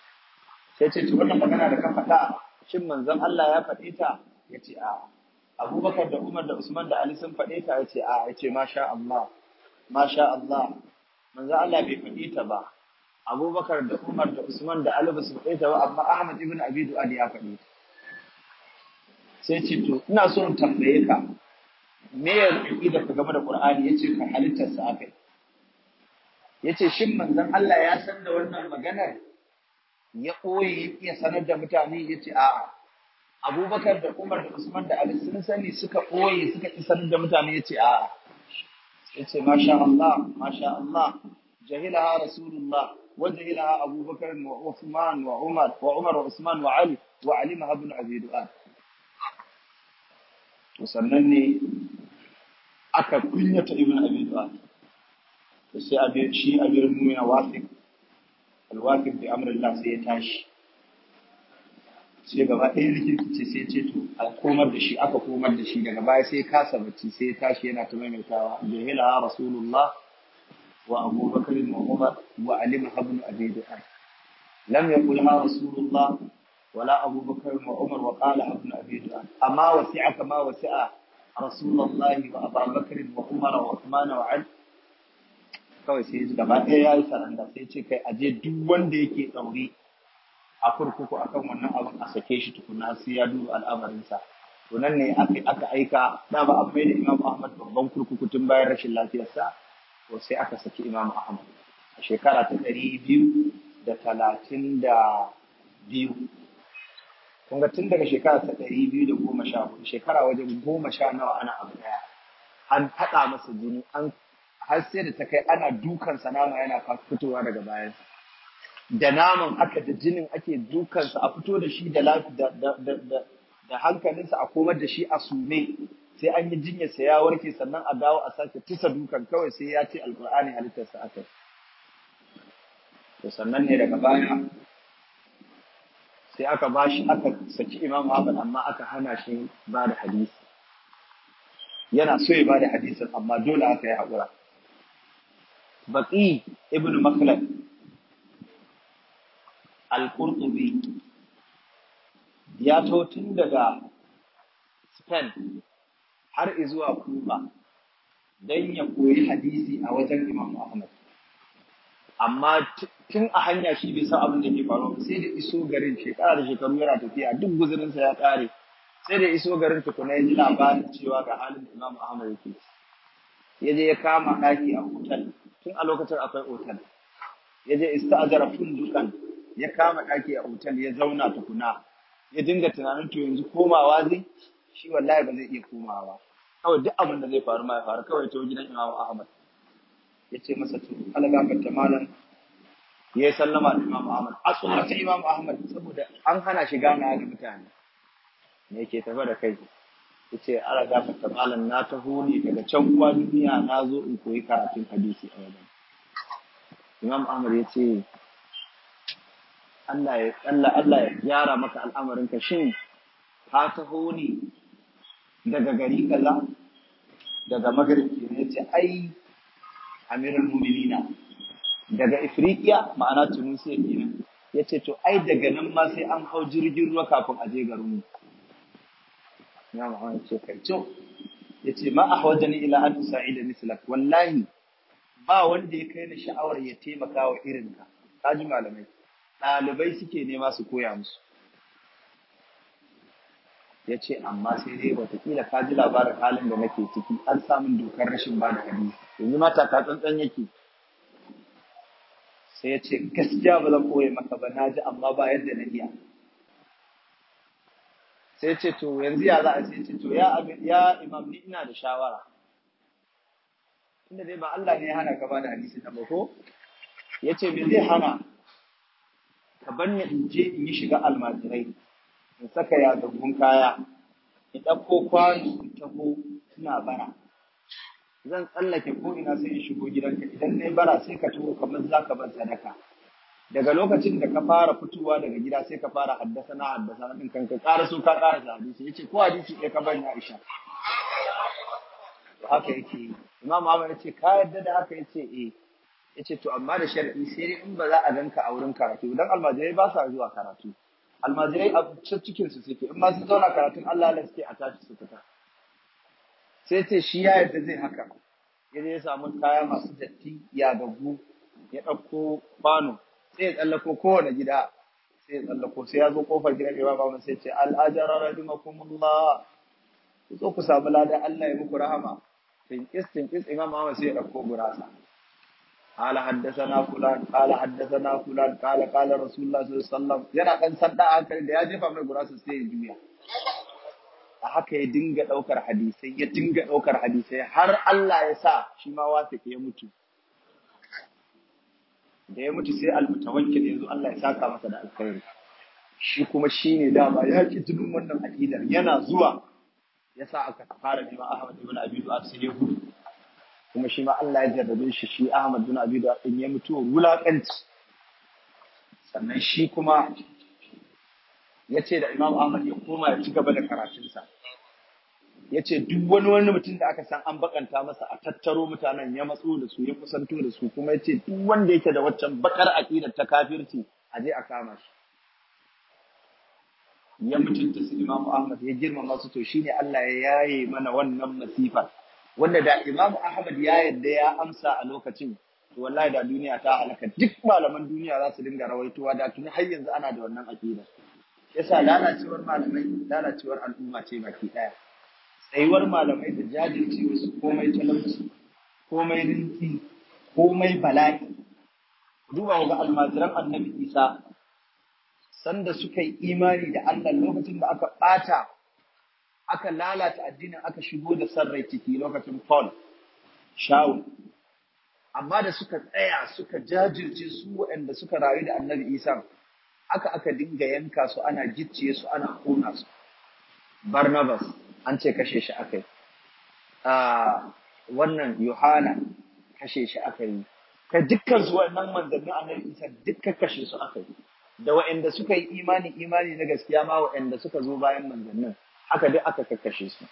S1: sai ce to wannan magana da ka faɗa shin manzon Allah ya faɗe ta yace a Abubakar da Umar da Usman da Ali sun faɗe ta yace a yace masha Allah masha Allah manzon Allah bai faɗe ta ba abubakar da umar da usman da ali ba su kai ta ba amma ahmad ibn abi du'ad ya faɗi. sai ce to ina so in tambaye ka me ya rubi da ka game da qur'ani yace ka halitta sa aka yace shin manzon Allah ya san da wannan maganar ya koyi ya sanar da mutane yace a'a abubakar da umar da usman da ali sun sani suka koyi suka isar da mutane yace a'a yace masha Allah masha Allah jahilaha rasulullah وجعلها أبو بكر وعثمان وعمر وعمر وعثمان وعلي وعلمها ابن أبي دؤاد ne aka kunyata ibn abi du'ad sai abi shi abir mu'mina wasif alwasif bi amrillah sai ya tashi sai gaba ɗaya rikici sai ce to a komar da shi aka komar da shi daga baya sai kasa bacci sai ya tashi yana ta maimaitawa jahila rasulullah وأبو بكر وعمر وعلمها ابن أبي دحاك لم يقلها رسول الله ولا أبو بكر وعمر وقالها ابن أبي دحاك أما وسعك ما وسع رسول الله وأبا بكر وعمر وعثمان وعلي kawai sai su gaba ɗaya ya yi saranda sai ce kai aje duk wanda yake ɗauri a kurkuku akan wannan abin a sake shi tukuna sai ya duba al'amarinsa to nan ne aka aika da ba a mai da Imam Ahmad babban kurkuku tun bayan rashin lafiyarsa to sai aka saki Imam Ahmad a shekara ta ɗari biyu da talatin da biyu kun tun daga shekara ta ɗari biyu da goma sha hudu shekara wajen goma sha nawa ana abu ɗaya an faɗa masa jini an har sai da ta kai ana dukansa nama yana fitowa daga bayansa da naman aka da jinin ake dukansa a fito da shi da hankalinsa a komar da shi a sume sai an yi jinya sa ya warke sannan a dawo a sake tusa dukan kawai sai ya ce alkur'ani halittar sa aka to sannan ne daga baya sai aka bashi aka saki Imam Ahmad amma aka hana shi ba da hadisi yana so ya ba da hadisin amma dole aka yi haƙura baƙi ibn makhlad al-qurtubi ya to tun daga Spain har zuwa kuma don ya koyi hadisi a wajen Imam Ahmad. Amma tun a hanya shi bai san abin da ke faruwa sai da iso garin shekara da shekaru yana tafiya duk guzurinsa ya ƙare sai da iso garin tukuna ya ji labarin cewa ga halin imamu Imam Ahmad yake. Ya je ya kama ɗaki a otal tun a lokacin akwai otal. Ya je ista'ajara fundukan ya kama ɗaki a otal ya zauna tukuna ya dinga tunanin to yanzu komawa zai shi wallahi ba zai iya komawa. kawai duk abin da zai faru ma ya faru kawai to gidan Imam Ahmad ya ce masa to Allah ta malam ya yi sallama da Imam Ahmad a ta Imam Ahmad saboda an hana shi gana ga mutane me yake tafa da kai ya ce ga ta malam na taho ne daga can kuwa duniya na zo in koyi karatun hadisi a wajen Imam Ahmad ya ce Allah ya Allah Allah ya gyara maka ka shin ka taho ne daga gari kaza daga magrib kenan yace ai amirul mu'minina daga ifriqiya ma'ana tunisiya kenan yace to ai daga nan ma sai an hau jirgin ruwa kafin a je garin mu ya ma'ana ce kai to yace ma ahwajani ila an sa'ida mislak wallahi ba wanda ya kai na sha'awar ya taimaka wa irinka kaji malamai ɗalibai suke nema su koya musu ya ce amma sai dai watakila ka ji labarin halin da nake ciki an samun dokar rashin ba da hadisi yanzu mata ta tsantsan yake sai ya ce gaskiya ba zan koye maka ba na ji amma ba yadda na iya sai ce to yanzu ya za a sai ce to ya ya imam ni ina da shawara inda dai ba Allah ne ya hana ka ba da hadisi na ba ko ya ce me zai hana ka bar ni in je in yi shiga almajirai in saka yagaggun kaya Ki ɗauko kwano in taho ina bara zan tsallake ko ina sai in shigo gidanka idan na yi bara sai ka taho kamar za ka bar sadaka daga lokacin da ka fara fitowa daga gida sai ka fara haddasa na haddasa na ɗinkan ka ƙara so ka ƙara da hadisi ya ce ko hadisi ɗaya ka bar ya isha haka yake yi imam ahmad ya ce ka yadda da haka ya ce eh ya ce to amma da shari'i sai in ba za a ganka a wurin karatu Dan almajirai ba sa zuwa karatu almajirai a cikin su suke in ma sun zauna karatun Allah Allah suke a tashi su fita sai ce shi ya yadda zai haka ya je ya samu kaya masu datti ya gagu ya ɗauko kwano sai ya tsallako kowane gida sai ya tsallako sai ya zo kofar gidan ya ba sai ce al'ajara rahimakumullah ku zo ku samu ladan Allah ya muku rahama tinkis tinkis imam Ahmad sai ya ɗauko gurasa قال حدثنا فلان قال حدثنا فلان قال قال رسول الله صلى الله عليه yana ɗan sanda a hankali da ya jefa mai gurasa sai ya juya a haka ya dinga daukar hadisai ya dinga daukar hadisai har Allah ya sa shi ma wasiki ya mutu da ya mutu sai almutawakkil yanzu Allah ya saka masa da alkhairi shi kuma shine dama ya ki tunun wannan aqidar yana zuwa yasa aka fara neman Ahmad ibn Abi sai ya gudu kuma shi ma Allah ya jarrabe shi shi Ahmad bin Abi Dawud din ya mutu wulakanci sannan shi kuma ya ce da Imam Ahmad ya koma ya ci gaba da karatunsa ya ce duk wani wani mutum da aka san an bakanta masa a tattaro mutanen ya matso da su ya kusanto da su kuma ya ce duk wanda yake da waccan bakar aƙidar ta kafirci a je a kama shi ya mutunta su Imam Ahmad ya girmama su to shine Allah ya yaye mana wannan masifar wanda da Imam Ahmad ya yarda ya amsa a lokacin to wallahi da duniya ta halaka duk malaman duniya za su dinga rawaitowa da tuni har yanzu ana da wannan aqida yasa lalacewar malamai lalacewar al'umma ce baki daya tsayuwar malamai da jajirce wasu komai talauci komai rinti komai bala'i duba ga almajiran annabi isa sanda suka yi imani da Allah lokacin da aka bata aka lalata addinin aka shigo da sarrai ciki lokacin Paul Shaul amma da suka tsaya suka jajirce su waɗanda suka rayu da Annabi Isa aka aka dinga yanka su ana gicciye su ana kona su Barnabas an ce kashe shi akai a ah, wannan Yohana kashe shi yi ka dukkan su wannan manzannin Annabi Isa dukkan kashe su yi da waɗanda suka yi imani imani na gaskiya ma waɗanda suka zo bayan manzannin haka dai aka kakkashe su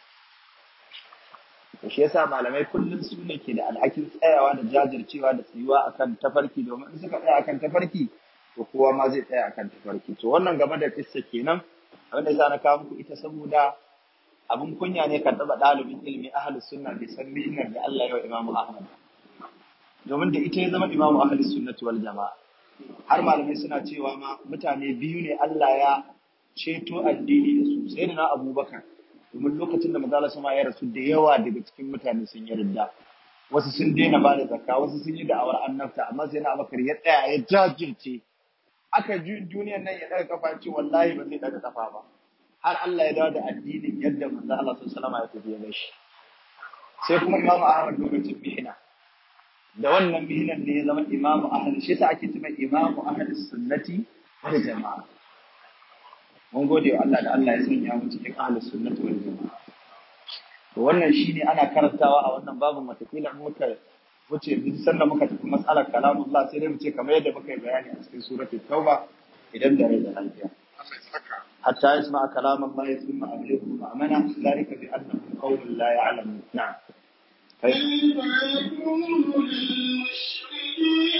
S1: shi yasa malamai kullum su ne ke da alhakin tsayawa da jajircewa da tsayuwa akan tafarki domin in suka tsaya akan tafarki to kowa ma zai tsaya akan tafarki to wannan game da kissa kenan abin da na kawo muku ita saboda abin kunya ne kan taba dalibin ilimi ahlus sunna bai san da Allah ya wa Imam Ahmad domin da ita ya zama Imam Ahlus Sunnati wal Jama'a har malamai suna cewa ma mutane biyu ne Allah ya ceto addini da su sai na abubakar domin lokacin da mazala sama ya rasu da yawa daga cikin mutane sun yi ridda. wasu sun daina ba da zakka wasu sun yi da'awar annabta amma sai na abubakar ya tsaya ya jajirce aka ji duniyar nan ya daga kafa ce wallahi ba zai daga kafa ba har Allah ya dawo da addinin yadda manzo Allah sallallahu alaihi wasallam ya tafi ya shi sai kuma Imam Ahmad lokacin mihina da wannan mihinan ne ya zama Imam Ahmad shi sa ake cewa Imam Ahmad sunnati wal jama'a mun gode wa Allah da Allah ya sanya mu cikin ahlus sunnati wal jamaa to wannan shine ana karantawa a wannan babin matakila muka wuce duk sanda muka tafi mas'alar kalamullah sai dai mu ce kamar yadda muka yi bayani a cikin suratul tauba idan da rai da lafiya حتى يسمع كلام الله ثم أبلغه مأمنة ذلك بأنهم قوم لا يعلمون نعم كيف
S2: يكون للمشركين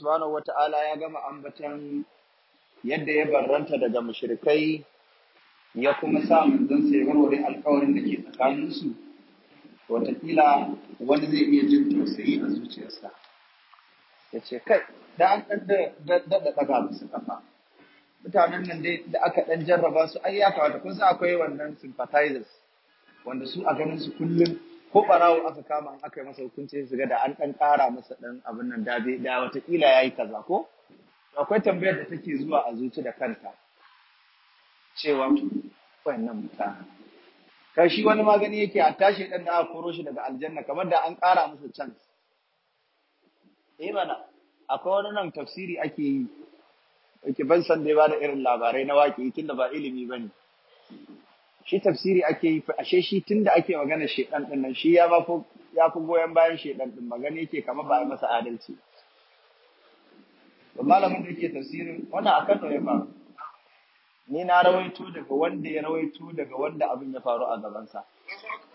S1: subhanahu wata'ala ya gama ambatan yadda ya barranta daga mushrikai ya kuma sa manzon sai warware alƙawarin da ke tsakaninsu wataƙila wani zai iya jin tausayi a zuciyarsa ya ce kai da an ɗan daɗa ɗaga musu ƙafa mutanen nan da aka ɗan jarraba su ai ya kawata kun sa akwai wannan sympathizers wanda su a ganin su kullum ko barawo aka kama aka yi masa hukunci su ga da an dan kara masa dan abin nan da bai da watakila ya yi kaza ko akwai tambayar da take zuwa a zuci da kanta cewa wannan muta. kai shi wani magani yake a tashi dan da aka koro shi daga aljanna kamar da an kara masa chance eh bana akwai wani nan tafsiri ake yi yake ban san dai ba da irin labarai na waƙi tunda ba ilimi bane shi tafsiri ake yi ashe shi tunda ake magana shedan din nan shi ya ba ya fi goyon bayan shedan din magana yake kamar ba masa adalci ba malamin da yake tafsirin wannan akan da ya faru ni na rawaito daga wanda ya rawaito daga wanda abin ya faru a gabansa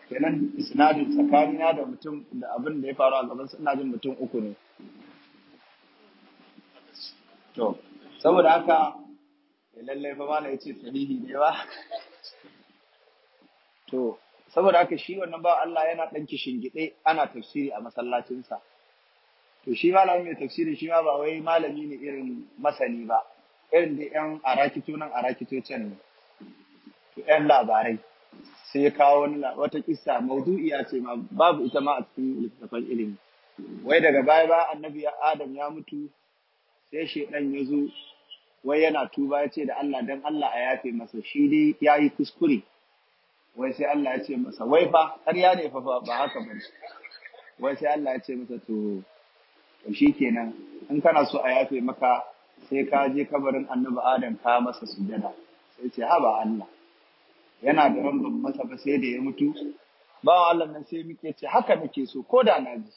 S1: kenan isnadin tsakanina da mutum da abin da ya faru a sa ina jin mutum uku ne to saboda haka eh, lallai fa mala yace sahihi ne ba to saboda haka shi wannan ba Allah yana dan kishingide ana tafsiri a masallacinsa to shi malami mai tafsiri shi ma ba wai malami ne irin masani ba irin da yan arakito nan arakito can ne to yan labarai sai ya kawo wani wata kissa ya ce ma babu ita ma a cikin littattafan ilimi wai daga baya ba annabi Adam ya mutu sai shedan ya zo wai yana tuba ya ce da Allah dan Allah a yafe masa shi dai yayi kuskure wai sai Allah ya ce masa wai fa ƙarya ne fa ba haka ba wai sai Allah ya ce masa to shi kenan in kana so a yafe maka sai ka je kabarin annabi adam ka masa sujada sai ce ba Allah yana da ran masa ba sai da ya mutu ba Allah nan sai muke ce haka muke so ko da na ji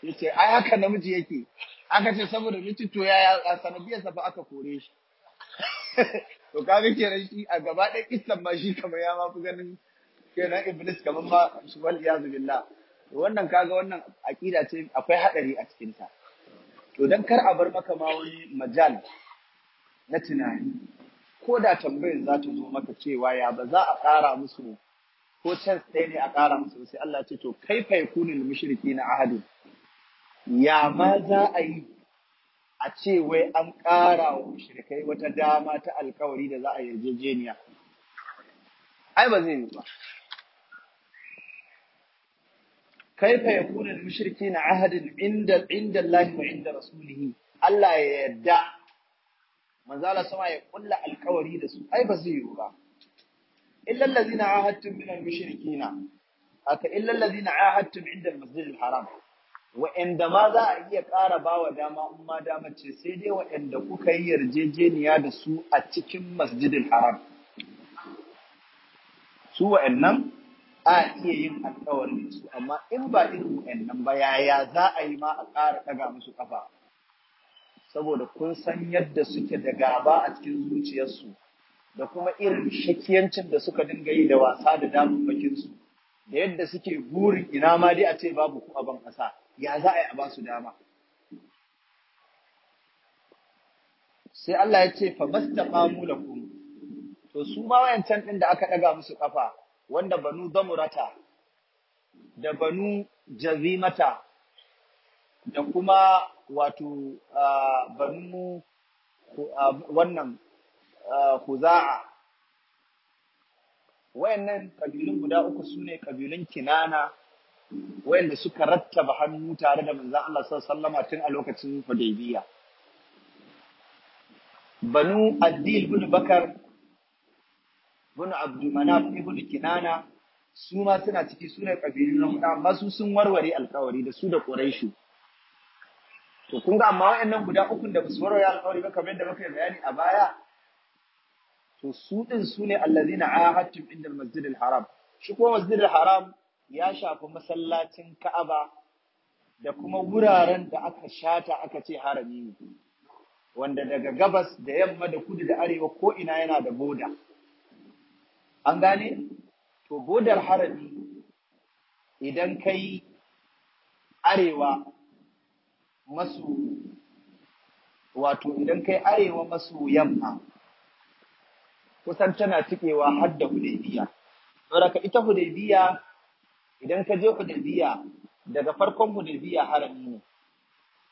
S1: sai ce ai haka namiji yake aka ce saboda mutu to yaya a ba aka kore shi to bi kenan shi a gaba ɗaya kissan ma shi kamar ya mafi ganin kenan iblis kamar ma su ya zubillah to wannan kaga wannan aqida ce akwai hadari a cikin ta to dan kar a bar maka ma wani majal na tunani ko da tambayar za ta zo maka cewa ya ba za a ƙara musu ko can ɗaya ne a ƙara musu sai Allah ce to kai fa yakunul na ahadu ya ma za a yi a ce wai an ƙara wa mushrikai wata dama ta alkawari da za a yarjejeniya ai ba zai yi ba kaifa da al na ahadin inda inda Allah wa inda rasulih Allah ya yarda manzo Allah sama ya kulla alkawari da su ai ba zai yi ba illa allazina ahadtum min al-mushrikeena haka illa allazina ahadtum inda al-masjid al-haram wa'anda ma za a iya ƙara bawa dama in ma dama ce sai dai wa'anda kuka yi yarjejeniya da su a cikin masjidin haram su wa'annan a iya yin alƙawari da su amma in ba irin wa'annan ba yaya za a yi ma a ƙara ɗaga musu ƙafa saboda kun san yadda suke da gaba a cikin zuciyarsu da kuma irin shakiyancin da suka dinga yi da wasa da damammakinsu da yadda suke burin ina ma dai a ce babu ku a ban ƙasa ya za a yi a ba su dama sai Allah ya ce fa da kuma, to su ma wayancan ɗin da aka ɗaga musu ƙafa wanda banu rata, da banu jazimata da kuma wato banu wannan ku za'a? wayannan ƙabilun guda uku sune ƙabilun kinana wayanda suka rattaba hannu tare da manzon Allah sallallahu tun a lokacin Hudaybiya Banu Addil Bun Bakar bin Abdul Manaf ibn Kinana su ma suna ciki suna kabilu na hudu amma su sun warware alkawari da su da Quraishu to kun ga amma wayannan guda uku da basu warware alkawari ba kamar yadda muka yi bayani a baya to su din su ne allazina ahadtum inda masjidil haram shi kuma haram ya shafi masallacin Ka'aba da kuma wuraren da aka shata aka ce harami ne wanda daga gabas da yamma da kudu da arewa ko ina yana da boda an gane to bodar harami idan kai arewa masu wato idan kai arewa masu yamma kusan tana cikewa har da hudaybiya saboda ita hudaybiya idan ka je hudaybiya daga farkon hudaybiya harami ne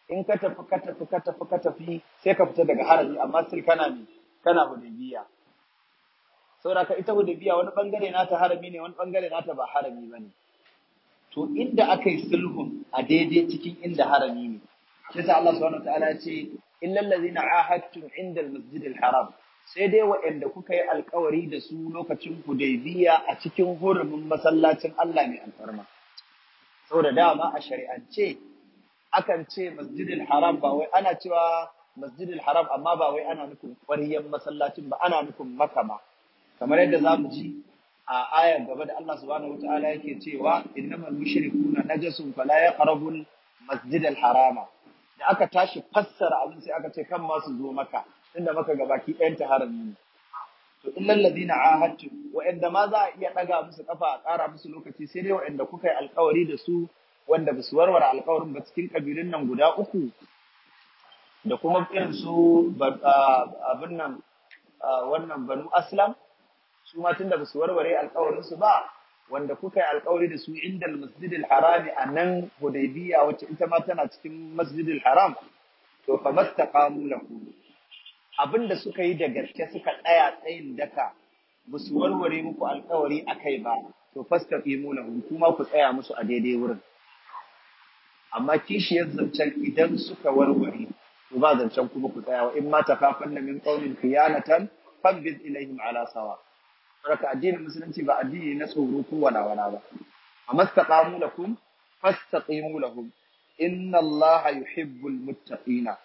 S1: in ka tafi ka tafi ka tafi ka tafi sai ka fita daga harami amma sai kana ne kana hudaybiya saboda ka ita hudaybiya wani bangare nata harami ne wani bangare nata ba harami bane to inda aka yi sulhun a daidai cikin inda harami ne shi Allah subhanahu wataala ya ce illal ladzina ahadtum inda al-masjidil haram sai dai waɗanda kuka yi alkawari da su lokacin hudaybiya a cikin hurumin masallacin Allah mai alfarma da dama a shari'ance akan ce masjidil haram ba wai ana cewa masjidil haram amma ba wai ana nufin ƙwaryen masallacin ba ana nufin makama kamar yadda za mu ji a ayan gaba da Allah subhanahu wataala yake cewa innamal mushrikuna najasun ya yaqrabul masjidal harama da aka tashi fassara abin sai aka ce kan ma su zo maka inda maka gabaki ɗayan ta harami ne to illal ladina ahadtu wa'anda ma za a iya ɗaga musu kafa a ƙara musu lokaci sai dai wa'anda kuka yi alƙawari da su wanda ba su warware alƙawarin ba cikin ƙabilun nan guda uku da kuma irin su abin nan wannan banu aslam su ma tun da ba su warware alƙawarin su ba wanda kuka yi alƙawari da su inda masjidil harami a nan hudaybiya wacce ita ma tana cikin masjidil haram to fa mastaqamu lakum abin da suka yi da gaske suka tsaya tsayin daka ba warware muku alkawari a kai ba to fastaqimu lahum kuma ku tsaya musu a daidai wurin amma kishiyar zancen idan suka warware to ba zancen kuma ku tsaya wa in ma da min qaumin kiyanatan fabbiz ilaihim ala sawa saboda addinin musulunci ba addini na tsoro ko walawala ba amma taqamu lakum fastaqimu lahum inna allaha yuhibbul muttaqina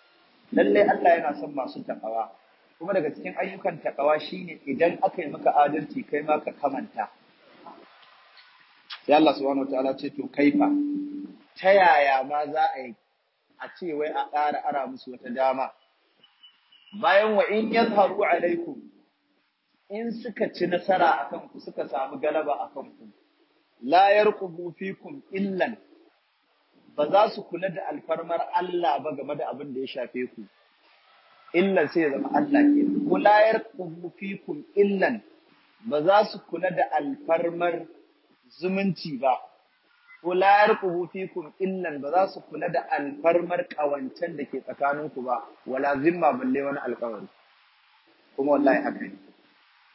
S1: lallai Allah yana son masu takawa kuma daga cikin ayyukan takawa shine idan aka yi maka adalci kai ma ka kamanta sai Allah subhanahu wataala ce to kaifa ta yaya ma za a yi a ce wai a ƙara ara musu wata dama bayan wa in yazharu alaikum in suka ci nasara akan ku suka samu galaba akan ku la yarqubu fikum illan ba za su kula da alfarmar Allah ba game da abin da ya shafe ku illan sai ya zama Allah ke kulayar fikum illan ba za su kula da alfarmar zumunci ba kulayar fikum illan ba za su kula da alfarmar ƙawancen da ke tsakaninku ba wala zimma balle wani alkawari kuma wallahi haka ne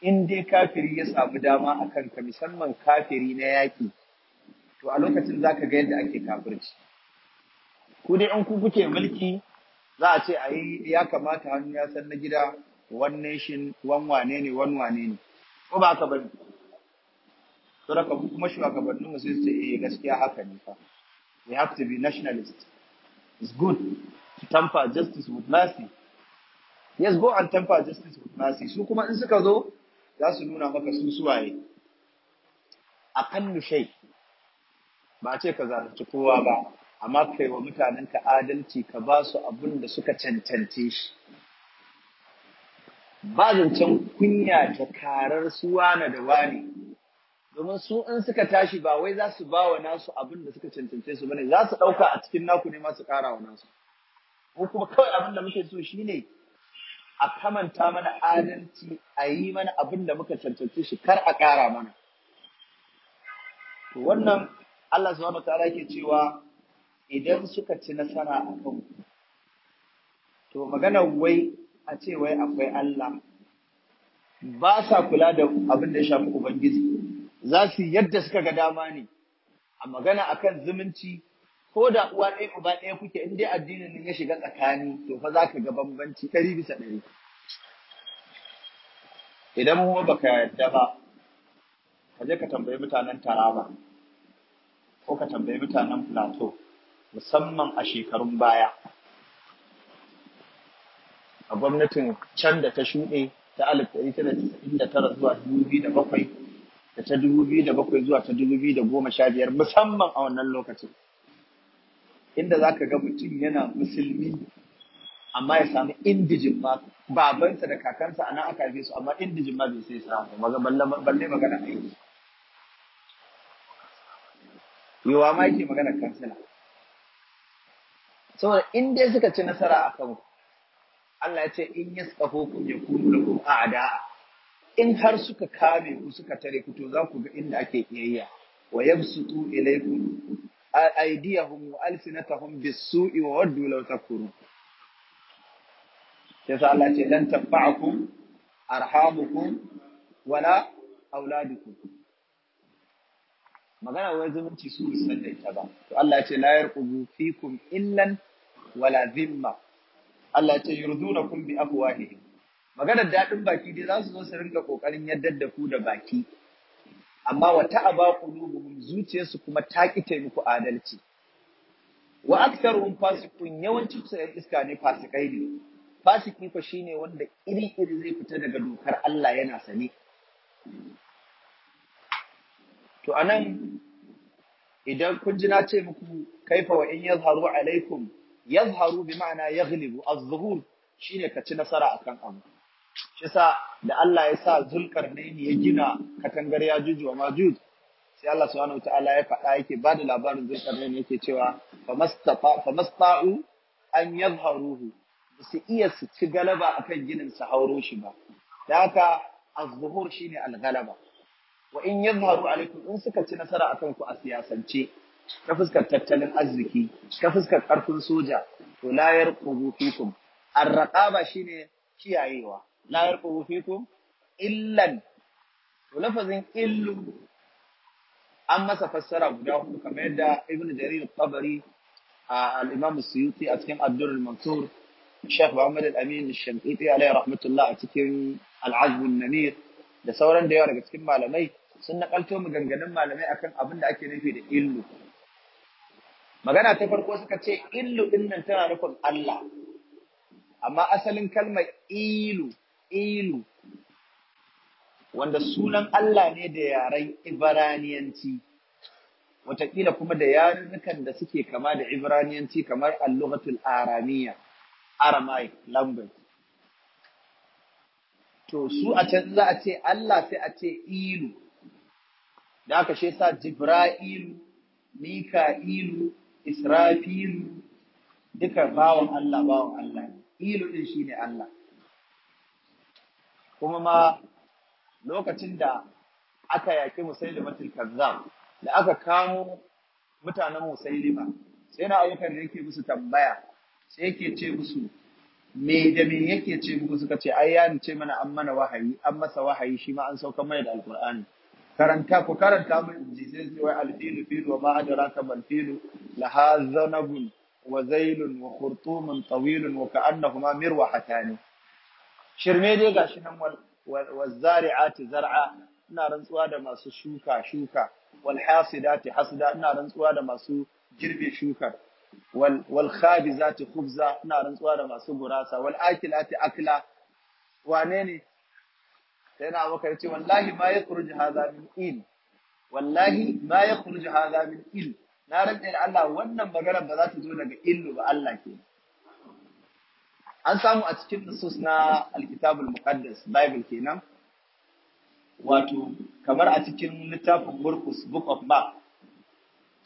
S1: in dai kafiri ya samu dama a kanka musamman kafiri na yaƙi to a lokacin za ka ga yadda ake kafirci ku dai in ku kuke mm. mulki za a ce ai ya kamata hannu ya san na gida one nation one wane ne one wane ne ko ba ka bane to da kuma shugabannin mu sai su ce eh, gaskiya haka ne fa we have to be nationalist it's good to tamper justice with mercy yes go and tamper justice with mercy su kuma in suka zo za su nuna maka su suwaye a kan shai ba ce ka zarci kowa ba amma kai wa mutanenka adalci ka ba su abin da suka cancance shi ba zancen kunya ta karar su wane da wane domin su in suka tashi ba wai za su ba wa nasu abin da suka cancance su bane za su ɗauka a cikin naku ne masu ƙara wa nasu ko kuma kawai abin da muke so shine a kamanta mana adalci a yi mana abin da muka cancance shi kar a ƙara mana to wannan Allah subhanahu wa ta'ala yake cewa idan suka ci nasara a kan to maganar wai a ce wai akwai Allah ba sa kula da abin da ya shafi Ubangiji za su yadda suka ga dama ne a magana akan zumunci ko da uwa ɗaya uba ɗaya kuke in dai addinin nan ya shiga tsakani to fa za ka ga bambanci ɗari bisa ɗari idan kuma baka yarda ba ka je ka tambayi mutanen Taraba ko ka tambayi mutanen Plateau musamman a shekarun baya a gwamnatin can da ta shuɗe ta tara zuwa biyu da da ta da bakwai zuwa ta da goma sha biyar, musamman a wannan lokacin inda za ka ga mutum yana musulmi amma ya samu indijin ma babansa da kakansa a nan aka su amma indijin ma bai sai samu balle magana aiki yawa ma yake magana kansila saboda in dai suka ci nasara a kanku Allah ya ce in ya yaskafukum da lakum a'da'a in har suka kame ku suka tare ku to za ku ga inda ake kiyayya wa yabsutu ilaykum aydiyahum wa alsinatahum bis-su'i wa waddu law takfurun sai sa Allah ce dan taba'akum arhamukum wala auladukum magana wai zumunci su san da ita ba to Allah ya ce la yarqubu fikum illan wala zimma Allah ya ce yurdunakum bi afwahihim maganar dadin baki dai za su zo su rinka kokarin yaddar da ku da baki amma wata aba qulubuhum zuciyarsu kuma ta ki adalci wa aktharuhum fasiqun yawancin su iska ne fasikai ne fasiki ko shine wanda iri iri zai fita daga dokar Allah yana sane To anan idan kun ji na ce muku kaifa wa in yazharu alaikum yazharu bi ma'ana yaghlibu az-zuhur shine ka ci nasara akan abu shi sa da Allah ya sa zulkar ne ya gina katangar ya wa Majuj sai Allah subhanahu wataala ya faɗa yake ba da labarin zulkar Zulkarnaini yake cewa masta'u an ba su iya su ci galaba akan ginin su hauro shi ba da haka az-zuhur shine al-galaba wa in yadhharu alaikum in suka ci nasara akan ku a siyasance ta fuskar tattalin arziki ta fuskar karfin soja to la yarqubu fikum shine kiyayewa la yarqubu fikum illan to lafazin illu an masa fassara guda hudu kamar yadda ibn jarir tabari al-imam suyuti a cikin abdul mansur Sheikh Muhammad Al-Amin Al-Shamqiti alayhi rahmatullah a cikin Al-Azm namir da sauran da yawa daga cikin malamai sun nakalto maganganun malamai akan abin da ake nufi da illu magana ta farko suka ce illu din nan tana nufin Allah amma asalin kalmar ilu ilu wanda sunan Allah ne da yaren Ibraniyanci watakila kuma da yarurrukan da suke kama da Ibraniyanci kamar al-lughatul aramiyya language to su a can za a ce Allah sai a ce ilu da aka shi sa Jibra'ilu, Mika'ilu, Israfilu, duka bawan Allah bawan Allah ilu ɗin shi ne Allah. Kuma ma lokacin da aka yaƙi Musailimatul Kazzab, da aka kamo mutanen Musailima, sai na ayyukan da yake musu tambaya, sai yake ce musu, me da me yake ce muku suka ce ai ya ce mana an mana wahayi an masa wahayi shi ma an sauka mai da alkur'ani karanta ku karanta min inji sai sai wai alfilu filu wa ma adraka mal filu la hazanabun wa zailun wa khurtumun tawilun wa ka'annahuma mirwahatan
S2: shirme dai gashi
S1: nan wal wazari'ati zar'a ina rantsuwa da masu shuka shuka wal hasidati hasida ina rantsuwa da masu girbe shuka wal wal khabizati khubza ina rantsuwa da masu gurasa wal akilati akla wane ne sai na abokan ya ce wallahi ma ya kuruji haza min il wallahi ma ya kuruji haza min il na rantsa da Allah wannan magana ba za ta zo daga illu ba Allah ke an samu a cikin nusus na alkitabul muqaddas bible kenan wato kamar a cikin littafin Markus book of Mark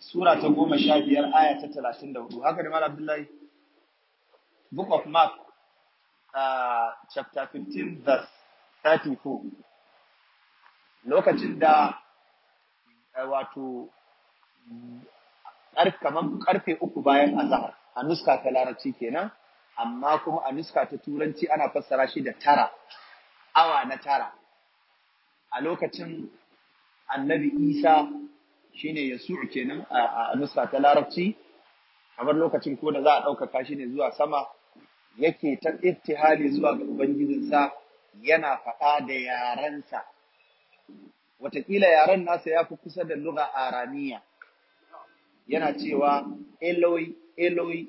S1: sura ta goma sha biyar aya ta talatin da hudu haka da malam Abdullahi book of Mark uh, chapter 15 verse 34 lokacin da eh, wato kaman karfe uku bayan azahar a nuska ta larabci kenan amma kuma a nuska ta turanci ana fassara shi da tara awa na tara a lokacin annabi isa shine yasu kenan a nuska ta larabci kamar lokacin ko da za a ɗaukaka shi ne zuwa sama yake ta ittihali zuwa ga ubangijinsa yana faɗa da yarensa watakila yaren nasa ya fi kusa da lugha aramiya
S2: yana cewa
S1: eloi eloi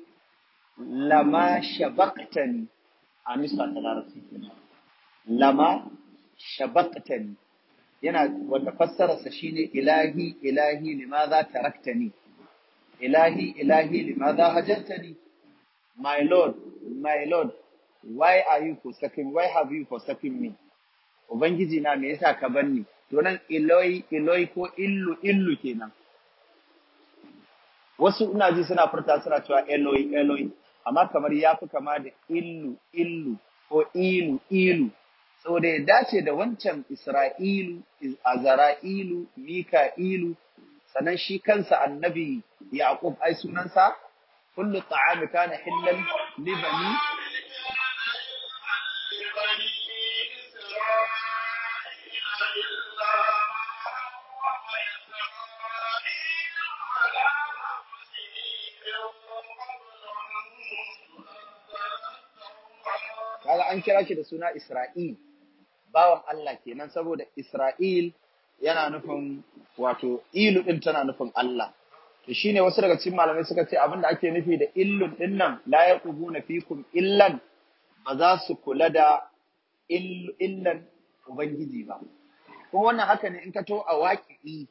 S1: lama shabaktani a nisa ta larasi lama shabaktani yana wanda fassararsa shi ne ilahi ilahi limadha taraktani ilahi ilahi limadha ni. my lord my lord why are you me? why have you forsaken me ubangiji na me yasa ka bar ni to nan iloi iloi ko illu illu kenan wasu ina ji suna furta suna cewa eloi eloi amma kamar ya fi kama da illu illu ko ilu ilu saboda ya dace da wancan isra'ilu azara'ilu mika'ilu sannan shi kansa annabi yaqub ai sunansa kullu ta’amika na hillan libani kaga an kira shi da suna Isra'il bawan Allah kenan saboda Isra'il yana nufin wato ilu ɗin tana nufin Allah to shine wasu daga cikin malamai suka ce da ake nufi da illun din nan la na fikum illan ba za su kula da illan ubangiji ba kuma wannan haka ne in ka to a waƙi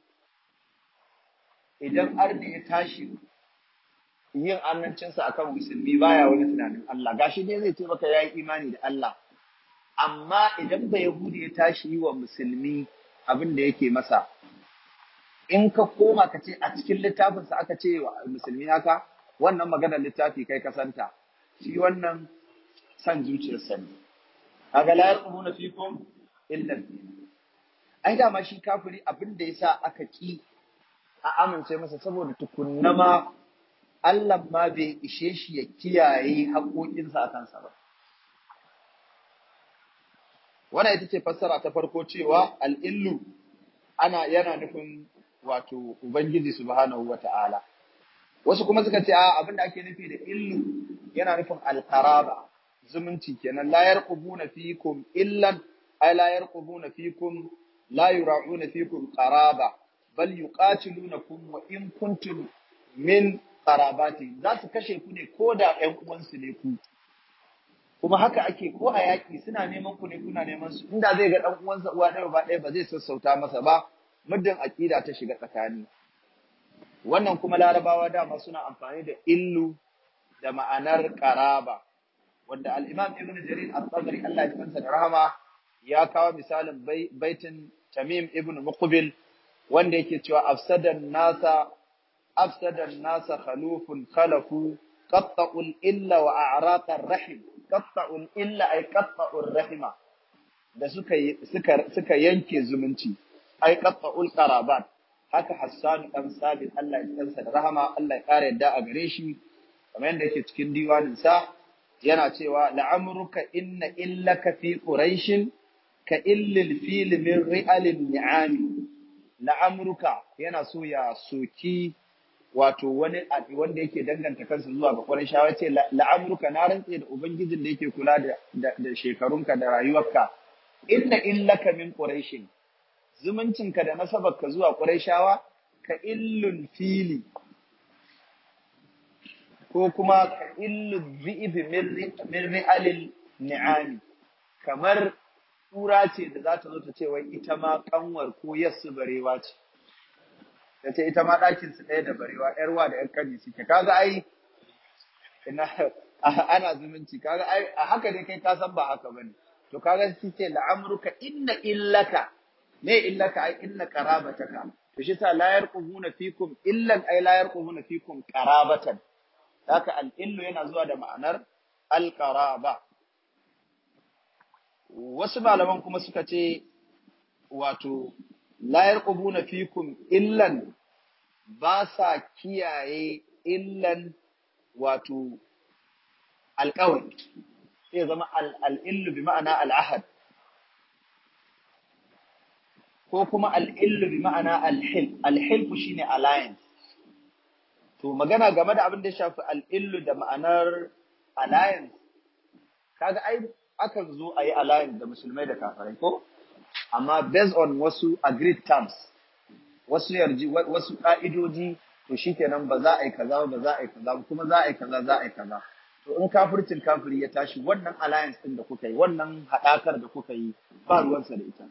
S1: idan arni ya tashi yin annancinsa akan musulmi baya wani tunanin Allah gashi ne zai taimaka ya yi imani da Allah amma idan ba Yahudi ya tashi yi wa musulmi abin da yake masa in ka koma ka ce a cikin littafinsa aka ce wa musulmi haka wannan maganar littafi kai ka santa shi wannan san zuciyarsa ne layar kuma na fikon illar. ai dama shi kafiri abin da ya sa aka ki a amince masa saboda tukunna Allah ma bai ishe shi ya kiyaye haƙoƙinsa a kansa ba. Wannan ita ce fassara ta farko cewa al'illu ana yana nufin wato Ubangiji subhanahu wa ta'ala. Wasu kuma suka ce, abin da ake nufi da illu yana nufin alƙaraba. zumunci kenan, layar ƙubu na fikun illan, ai layar ƙubu na fikun, layura'u na fikun ƙaraba, bal na wa in kuntun min qarabati za su kashe ku ne ko da 'yan uwansu ne ku kuma haka ake ko a yaƙi suna neman ku ne kuna neman su inda zai ga ɗan uwansa uwa ɗaya ba ɗaya ba zai sassauta masa ba muddin aƙida ta shiga tsakani wannan kuma larabawa dama suna amfani da illu da ma'anar karaba wanda al-imam ibn jarir al-tabari Allah ya kansa da rahama ya kawo misalin baitin tamim ibn muqbil wanda yake cewa afsadan nasa أفسد الناس خلوف خلفوا قطع إلا وأعراق الرحم قطع إلا أي قطع rahima. da suka suka yanke zumunci ai qatta'ul qarabat haka Hassan dan Sabit Allah ya kansa da rahama Allah ya kare yadda a gare shi kamar yadda yake cikin diwanin sa yana cewa la'amruka inna illaka fi quraishin ka illil fil min ri'alin ni'ami la'amruka yana so ya soki wato wani wanda yake danganta kansa zuwa ga ƙwarin shawara ce la'amurka na rantse da ubangijin da yake kula da shekarunka da rayuwarka inna illaka min zumuncin zumuncinka da nasabar ka zuwa quraishawa ka illun fili ko kuma ka illun dhi'bi min ri'alil ni'ami kamar tura ce da za ta zo ta ce wai ita ma kanwar ko yassu barewa ce ta ita ma ɗakin su ɗaya da barewa ƴar wa da ƴar kani suke kaga ai ina ana zumunci kaga ai a haka dai kai ka san ba haka bane to kaga shi ce la'amruka inna illaka me illaka ai inna qarabataka to shi sa la yarqubuna fikum illan ai la yarqubuna fikum qarabatan haka al-illu yana zuwa da ma'anar al-qaraba wasu malaman kuma suka ce wato la yarqubuna fikum illan ba sa kiyaye illan wato alƙawari sai zama al'illu bi ma'ana al'ahad ko kuma al'illu bi ma'ana alhil shi shine alliance to magana game da abin da ya shafi al'illu da ma'anar alliance kaga ai akan zo a yi alliance da musulmai da kafirai ko amma based on wasu agreed terms wasu yarji wasu ka'idoji to nan ba za a yi kaza ba za a yi kaza kuma za a yi kaza za a yi kaza to in kafircin kafiri ya tashi wannan alliance din da kuka yi wannan hadakar da kuka yi ba ruwansa da ita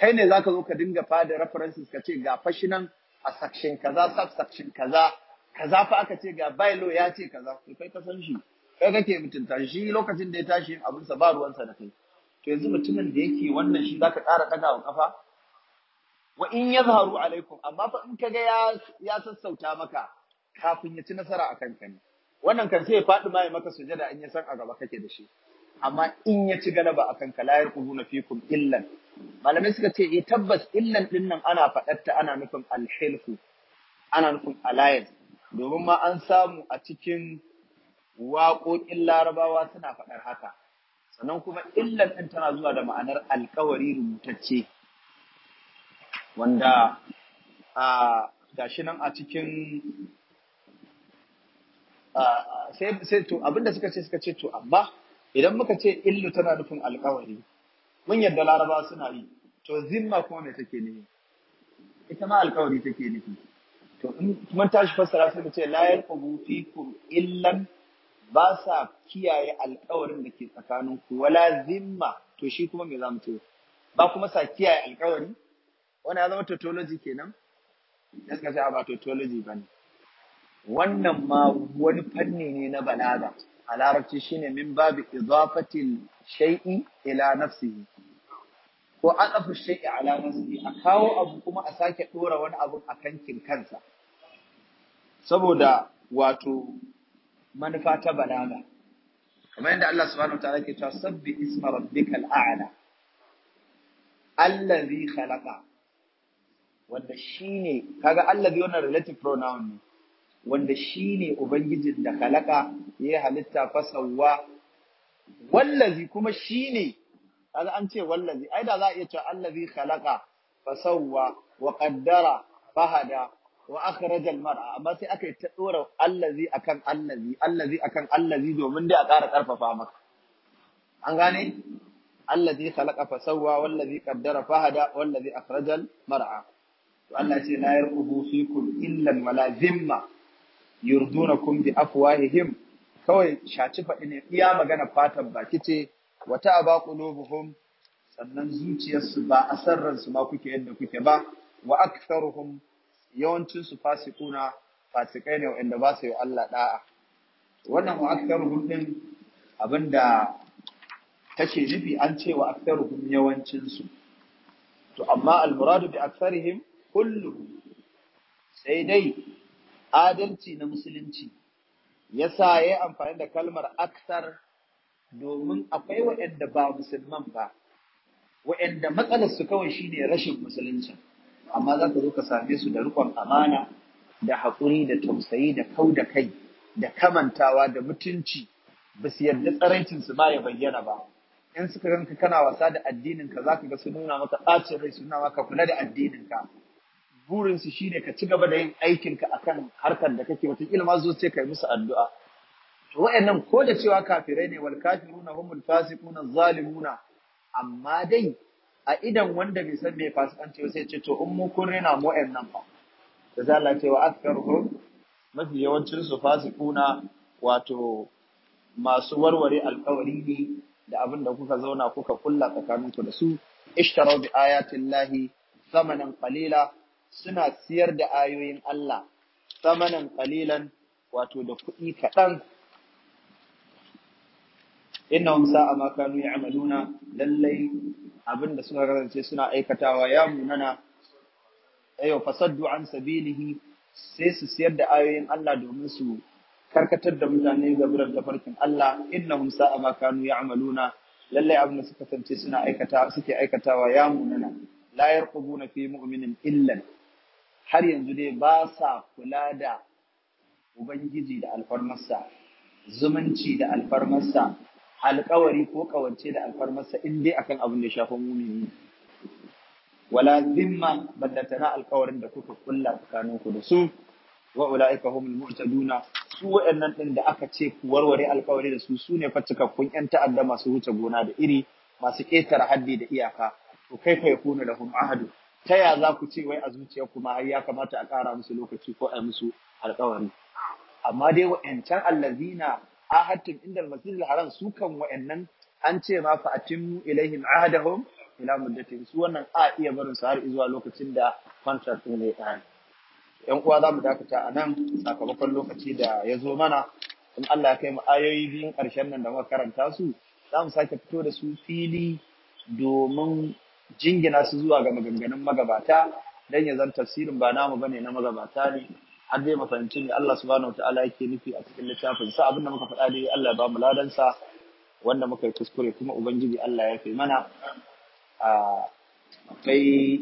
S1: kai ne zaka zo ka dinga fada references ka ce ga fashi nan a section kaza sub section kaza kaza fa aka ce ga bylaw ya ce kaza to kai ka san shi kai kake mutunta shi lokacin da ya tashi abin sa ba ruwansa da kai to yanzu mutumin da yake wannan shi zaka ƙara ɗaga wa kafa wa in yazharu alaikum amma fa in kaga ya ya sassauta maka kafin ya ci nasara akan ka ne wannan kan sai ya faɗi mai maka sujada in ya san a gaba kake da shi amma in ya ci galaba akan ka la yarqubuna fikum illan malamai suka ce eh tabbas illan din nan ana ta ana nufin alhilfu ana nufin alliance domin ma an samu a cikin waƙoƙin larabawa suna faɗar haka sannan kuma illan ɗin tana zuwa da ma'anar alkawari rubutacce wanda a gashi nan a cikin sai to abinda suka ce suka ce to amma idan muka ce illu tana nufin alkawari mun yadda laraba suna yi to zimma kuma me take nufi ita ma alkawari take nufi to in mun tashi fassara sai mu ce la yarqubu fikum illan ba sa kiyaye alkawarin da ke tsakanin ku wala zimma to shi kuma me za mu ce ba kuma sa kiyaye alkawari wani ya zama tautology kenan gaskiya sai ba tautology bane wannan ma wani fanni ne na balaga a larabci shine min babu izafatin shay'i ila nafsihi ko an sha'i shay'i ala nafsihi a kawo abu kuma a sake dora wani abu a kankin kansa saboda wato manufa ta balaga kamar yadda Allah subhanahu wa ta'ala ke cewa sabbi isma rabbikal a'la allazi khalaqa wanda shine kaga allazi wannan relative pronoun ne wanda shine ubangijin da khalaqa ya halitta fasawwa wallazi kuma shine kaga an ce wallazi ai da za a iya cewa allazi khalaqa fasawwa wa qaddara fahada wa akhrajal mar'a amma sai aka yi ta dora allazi akan allazi allazi akan allazi domin dai a ƙara ƙarfafa maka an gane allazi khalaqa fa sawwa wallazi qaddara fa hada wallazi akhrajal mar'a to Allah ce la yarqubu fikum illa malazimma yurdunakum bi afwahihim kawai shaci faɗi ne iya magana fatan baki ce wata aba qulubuhum sannan zuciyarsu ba a san ransu ma kuke yadda kuke ba wa aktharuhum yawancin su fasikuna fasikai ne wanda ba su yi Allah da'a wannan mu aktsaruhum din abinda take nufi an ce wa aktsaruhum yawancin su to amma al-muradu bi kullum. kullu sai dai adalci na musulunci yasa yayi amfani da kalmar aksar domin akwai wa'anda ba musulman ba Wa'anda matsalar su kawai shine rashin musulunci amma za ka zo ka same su da rikon amana da haƙuri da tausayi da kau da kai da kamantawa da mutunci ba su yarda tsarancin su ma ya bayyana ba in suka ganka kana wasa da addinin ka zaka ga su nuna maka ɓacin rai su nuna maka kula da addinin ka burin su shine ka ci gaba da yin aikinka ka akan harkar da kake wata ilma zo ce kai musu addu'a to wa'annan ko da cewa kafirai ne wal kafiruna humul fasiquna zalimuna amma dai a idan wanda bai san mai fasikanci sai ce to in mu kun rena mu ɗan nan fa da za Allah ce wa mafi yawancin su fasikuna wato masu warware alƙawari ne da abin da kuka zauna kuka kulla tsakaninku da su ishtaraw bi ayatin lahi samanan qalila suna siyar da ayoyin Allah Samanin qalilan wato da kuɗi kaɗan innahum sa'a ma kanu ya'maluna lallai abin da suka kasance suna aikatawa ya munana ayo fasaddu an sabilihi sai su siyar da ayoyin Allah domin su karkatar da mutane ga birar da farkin Allah innahum sa'a ma kanu ya'maluna lalle abin da suka kasance suna aikata suke aikatawa ya munana la yarqubuna fi mu'minin illan har yanzu dai ba sa kula da ubangiji da alfarmarsa zumunci da alfarmarsa alƙawari ko ƙawance da alfarmarsa in dai akan abin da shafa mumini wala zimma ballatana alƙawarin da kuka kulla tsakaninku da su wa ulaika humul mu'taduna su waɗannan ɗin da aka ce ku warware alƙawari da su su ne fa cikakkun ta'adda masu wuce gona da iri masu ƙetare haddi da iyaka to kai fa yakunu lahum ahadu ta ya za ku ce wai a zuciyarku kuma har ya kamata a ƙara musu lokaci ko a musu alƙawari amma dai wa'ancan allazina ahadin inda masjidil haram su kan wa'annan an ce ma fa atimmu ilaihim ahadahum ila muddatin su wannan a iya barin su har zuwa lokacin da contract din ya dan yan uwa za mu dakata a nan sakamakon lokaci da ya zo mana in Allah ya kai mu ayoyi biyun ƙarshen nan da muka karanta su za mu sake fito da su fili domin jingina su zuwa ga maganganun magabata dan ya zan tafsirin ba namu bane na magabata ne har dai mafahimci ne Allah subhanahu wataala yake nufi a cikin littafin sa abinda muka faɗa dai Allah ba mu ladan sa wanda muka yi kuskure kuma ubangiji Allah ya kai mana ah, akwai